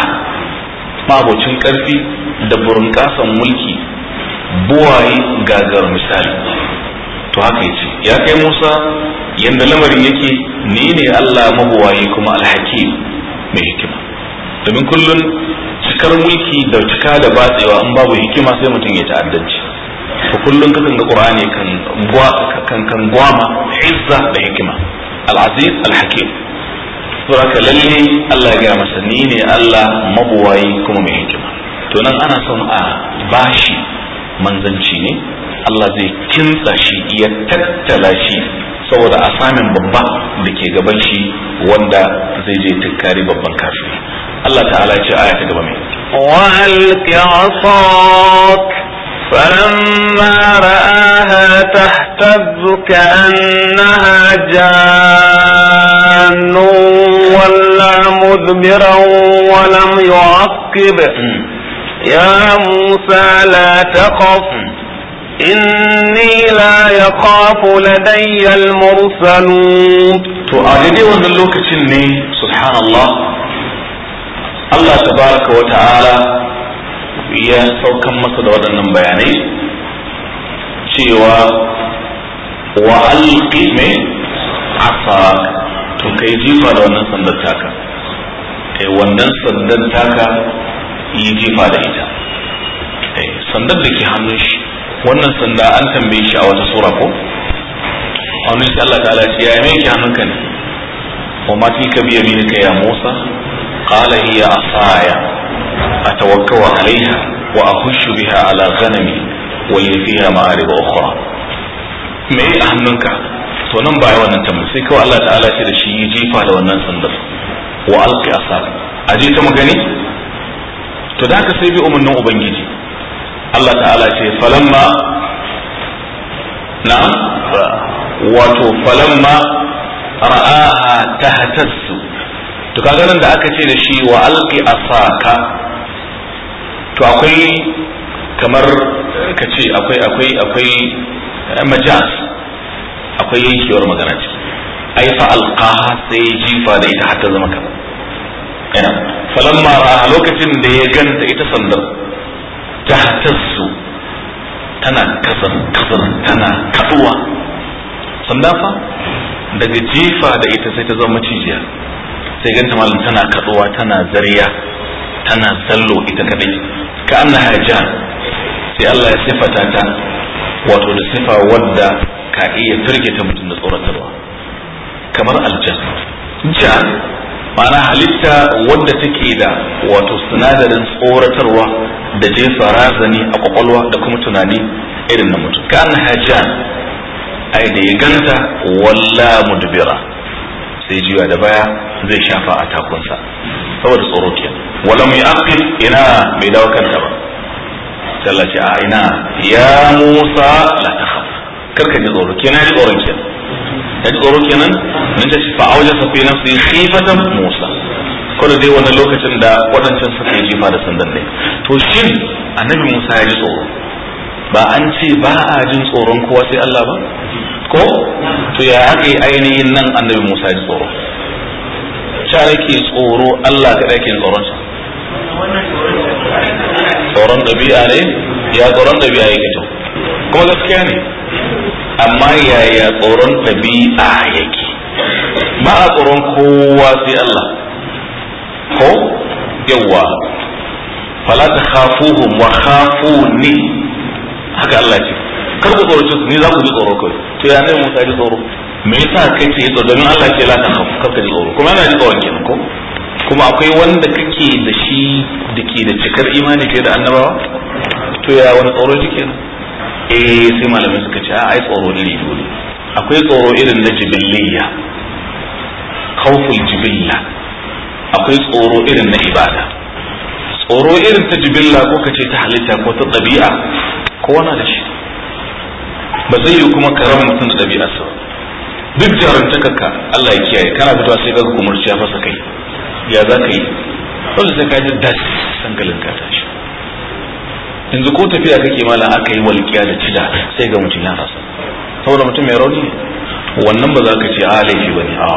mabocin karfi da burinkasan mulki buwaye gagar misali to haka yace ya kai Musa yanda lamarin yake ni ne Allah mabuwayi kuma alhakim mai hikima domin kullum cikar mulki da cika da batsewa in babu hikima sai mutum ya ta'addanci to kullun ka ga Qur'ani kan kan kan gwama izza da hikima al-aziz al-hakim sura lalle Allah ya gaya masa ni ne Allah mabuwayi kuma mai hikima to nan ana son a bashi manzanci ne Allah zai kinsa shi ya tattala shi saboda a samun babba da ke gaban shi wanda zai je tunkari babban kafin Allah ta'ala ya ce aya ta gaba mai وألق عصاك فلما رآها تهتز كأنها جان ولا مدبرا ولم يعقب يا موسى لا تخف inni la yakhafu ladayya al to a daidai wannan lokacin ne subhanallah Allah baraka wa ta'ala ya saukan masa da waɗannan bayanai cewa wa alqi me asak to kai jifa da wannan sandar taka kai wannan taka yi da ita eh, sandar da ke hannun shi wannan sanda an tambaye shi a wata sura ko a wani sai Allah ta'ala ce ya mai ki hannunka ne wa ma tilka bi yaminika ya Musa qala hiya asaya atawakkau alaiha wa hushu biya ala ghanami wa fi ya ma'ari ba ukhra me yi a hannunka to nan ba wannan tambaye sai kawai Allah ta'ala ce da shi ya jefa da wannan sandar wa alqi asaka aje ta magani to da haka sai bi umarnin ubangiji Allah ta'ala ce falamma na wato falamma ra'aha hatassu. to kaga nan da aka ce da shi wa alqi asaka to akwai kamar ka ce akwai akwai akwai majas akwai yankewar magana ce ai fa alqaha sai jifa da ita hatta zama kamar ina falamma ra'a lokacin da ya ganta ita sandar tahtassu tana kasar kasar tana kaduwa sanda fa daga jifa da ita sai ta zama macijiya. sai ganta mallam tana kaduwa tana zariya tana sallo ita kadai ka haya ja sai Allah ya sifata ta wato da sifa wadda ka iya firgita mutum da tsoratarwa kamar aljan ja ma'ana halitta wadda take da wato sinadarin tsoratarwa da jefa razani a kwakwalwa da kuma tunani irin na mutum kan hajjan ai da ya ganta walla mudbira sai jiwa da baya zai shafa a takunsa saboda tsoro ke wala mai aqil ina bai dawo kanta ba sallaci a ina ya musa la takhaf karka ji tsoro kenan ji tsoron kenan kaji tsoro kenan nan ta fa auja sa fi nafsi khifatan musa ko dai wannan lokacin da wadancan suka yi jifa da sandan ne to shin annabi musa ya ji tsoro ba an ce ba a jin tsoron kowa sai Allah ba ko to ya aka ainihin nan annabi musa ji tsoro shara ke tsoro Allah ga ɗakin tsoron sa tsoron ɗabi'a ne ya tsoron ɗabi'a yake to kuma gaskiya ne amma yaya tsoron tabi'a yake ba a tsoron kowa sai Allah ko yawa fala ta khafuhum wa khafuni haka Allah ce kar ku tsoro su ni za ku ji tsoro kai to ya nai ta ji tsoro me yasa kake ji tsoro domin Allah ce la ta khafu kar ka ji tsoro kuma ana ji tsoron kenan ko kuma akwai wanda kake da shi da da cikar imani fiye da annabawa to ya wani tsoro kike kenan eh sai malamai suka ce ai tsoro ne dole akwai tsoro irin na jibilliya kawful jibilla akwai tsoro irin na ibada tsoro irin ta jibilla ko kace ta halitta ko ta ɗabi'a ko wani da shi ba zai yi kuma karar mutum da ɗabi'a sa duk ka Allah ya kiyaye kana fitowa sai kaga kumurci ya fasa kai ya za ka yi dole sai ka ji dashi sankalin ka tashi yanzu ko tafiya kake mala aka yi walƙiya da cida sai ga mutum ya rasa saboda mutum mai rauni wannan ba za ka ce a ah, laifi ba ne a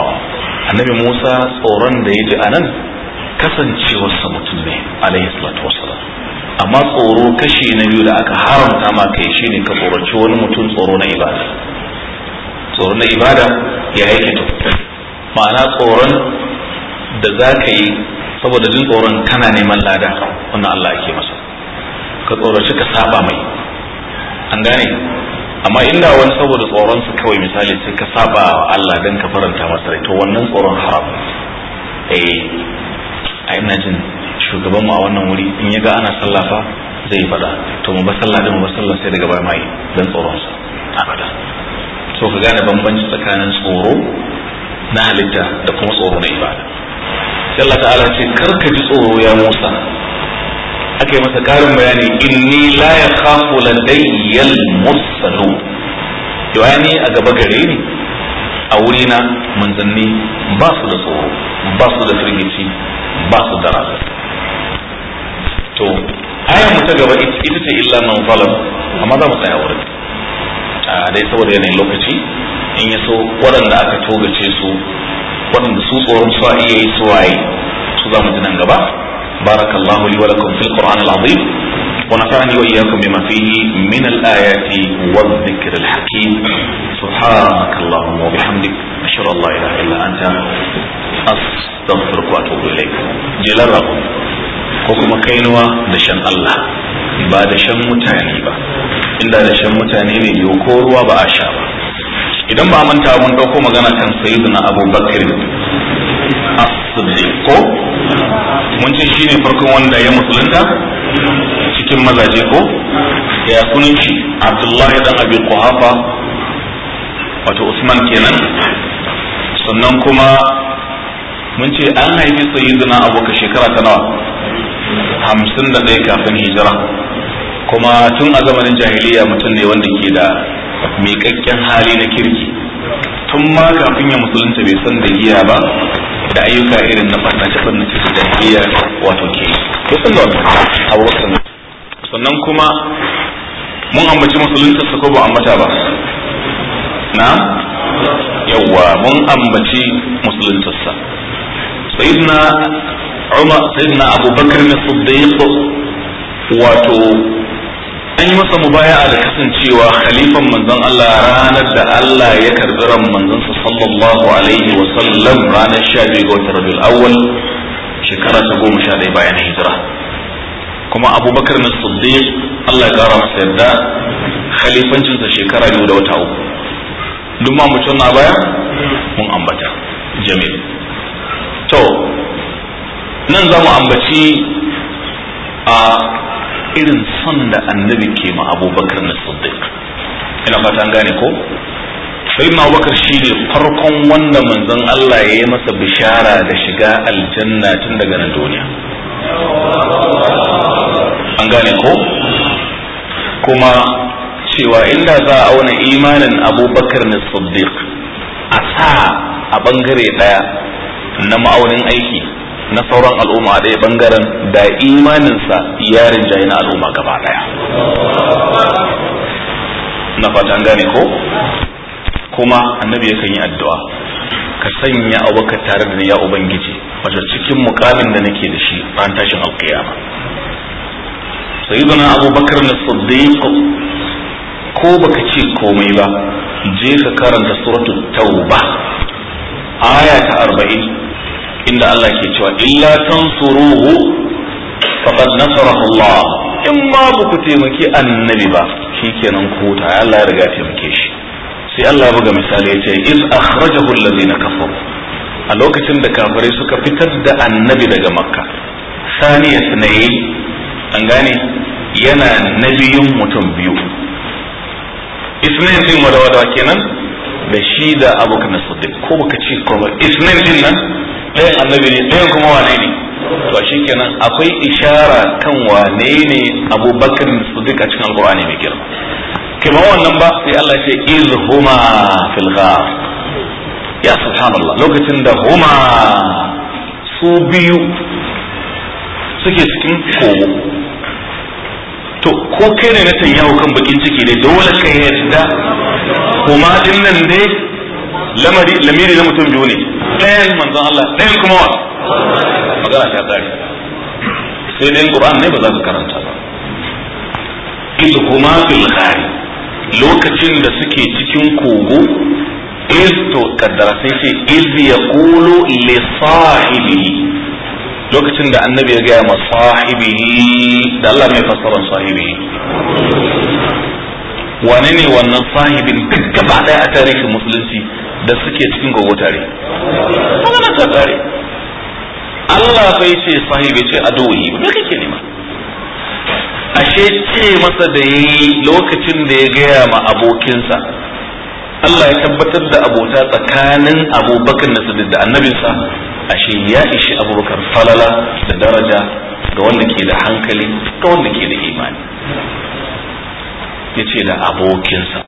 annabi musa tsoron da ya ji a nan kasancewarsa mutum ne alaihi salatu wasalam amma tsoro kashi na biyu da aka haramta ma kai shine ka tsoraci wani mutum tsoro na ibada tsoro na ibada ya yake to ma'ana tsoron da za ka yi saboda jin tsoron kana neman lada wannan Allah yake masa ka tsoraci ka saba mai an gane amma inda wani saboda tsoron su kawai misali sai ka saba wa Allah dan ka faranta masa to wannan tsoron haram eh a ina jin shugaban mu a wannan wuri in ya ga ana sallah fa zai fada to mu ba sallah da mu ba sallah sai daga baya mai dan tsoron sa abada so ka gane bambanci tsakanin tsoro na halitta da kuma tsoro na ibada sai Allah ta'ala ce kar ka ji tsoro ya Musa aka yi masa karin bayani inni la ya khafu ladayyal mursalu to ani a gaba gare ni a wuri na manzanni ba su da tsoro ba su da firgici ba su da razana to ayan mu ta gaba ita ce illa nan zalam amma za mu tsaya wurin dai saboda yanayin lokaci in ya so waɗanda aka togace su waɗanda su tsoron su a iya yi su waye su za mu ji nan gaba بارك الله لي ولكم في القرآن العظيم ونفعني وإياكم بما فيه من الآيات والذكر الحكيم سبحانك اللهم وبحمدك أشهد أن لا إله إلا أنت أستغفرك وأتوب إليك جل ربكم حكم كينوا دشان الله بعد شم متاني با إلا دشان متاني يكور وبعشا إذا ما من تأمن دوكو مغانا كان سيدنا أبو بكر as ko mun ce shine farkon wanda ya musulunta cikin mazaje ko ya sunan shi Abdullahi dan Abi Quhafa wato Usman kenan sannan kuma mun ce an haifi sayyidina abuka shekara ta nawa hamsin da ɗaya kafin hijira kuma tun a zamanin jahiliya mutum ne wanda ke da miƙaƙƙen hali na kirki tun ma kafin ya musulunta bai san da giya ba da ayyuka irin na farnace ta su jam'iyya wato ke ya tsalla wannan abu wasu sannan kuma mun ambaci musulunci su ko ba ambata ba na yawwa mun ambaci musulunci sa sayyidina umar sayyidina abubakar ne siddiq wato an yi masa mubaya'a da kasancewa khalifan manzon Allah ranar da Allah ya karbi ran manzon sa sallallahu alaihi wa sallam ranar 12 ga watan Rabiul Awwal shekara ta 11 bayan hijira kuma Abubakar na Siddiq Allah ya kara masa yadda khalifancin sa shekara biyu da wata uku duk ma mutum na baya mun ambata jamil to nan za mu ambaci a irin son da annabi ke ma abubakar na siddiq ina fata an gane ko sai ma abubakar shi ne farkon wanda manzon Allah ya yi masa bishara da shiga aljanna tun daga nan duniya an gane ko kuma cewa inda za a auna imanin abubakar na siddiq a sa a bangare daya na ma'aunin aiki na sauran al'umma a ɗaya bangaren da imaninsa ya rinjaye na al'umma gaba ɗaya na fatan gane ko kuma annabi yakan yi addu'a ka sanya abuka tare da ya ubangiji wato cikin mukamin da nake da shi ran tashin alkiyama sayyiduna abubakar na siddiq ko baka ce komai ba je ka karanta suratul tauba aya ta arba'in inda Allah ke cewa illa tansuruhu faqad nasarahu Allah in ma ba ku taimaki annabi ba shikenan ku huta Allah ya riga taimake shi sai Allah ya buga misali yace iz akhrajahu kafar kafaru a lokacin da kafirai suka fitar da annabi daga makka saniya sunayi an gane yana nabiyin mutum biyu isnin din wadawa kenan da shi da abokan siddiq ko baka ci ko isnin din nan ɗayan annabi ne ɗayan kuma wane ne to kenan akwai ishara kan wane ne abubakar siddiq a cikin alqur'ani mai girma kuma wannan ba sai Allah ya ce iz huma fil ghar ya subhanallah lokacin da huma su biyu suke cikin kogo to ko kai ne na tanyawo kan bakin ciki ne dole ka yarda huma din nan dai lamari lamiri na mutum biyu ne ɗayan manzon Allah ɗayan kuma wa magana ta tsari sai ɗayan Qur'an ne ba za ka karanta ba iz kuma fil ghari lokacin da suke cikin kogo iz to kaddara sai ce iz yaqulu li sahibihi lokacin da annabi ya ga ma sahibihi da Allah mai fassara sahibihi wane ne wannan sahibin duk gaba daya a tarihin musulunci da suke cikin gogo tare tare Allah bai ce sahibi ce adoyi me kake nema ashe ce masa da ya yi lokacin da ya gaya ma abokinsa Allah ya tabbatar da abota tsakanin abubakar da da annabinsa ashe ya ishi abubakar falala da daraja ga wanda ke da hankali ga wanda ke da imani yace da abokinsa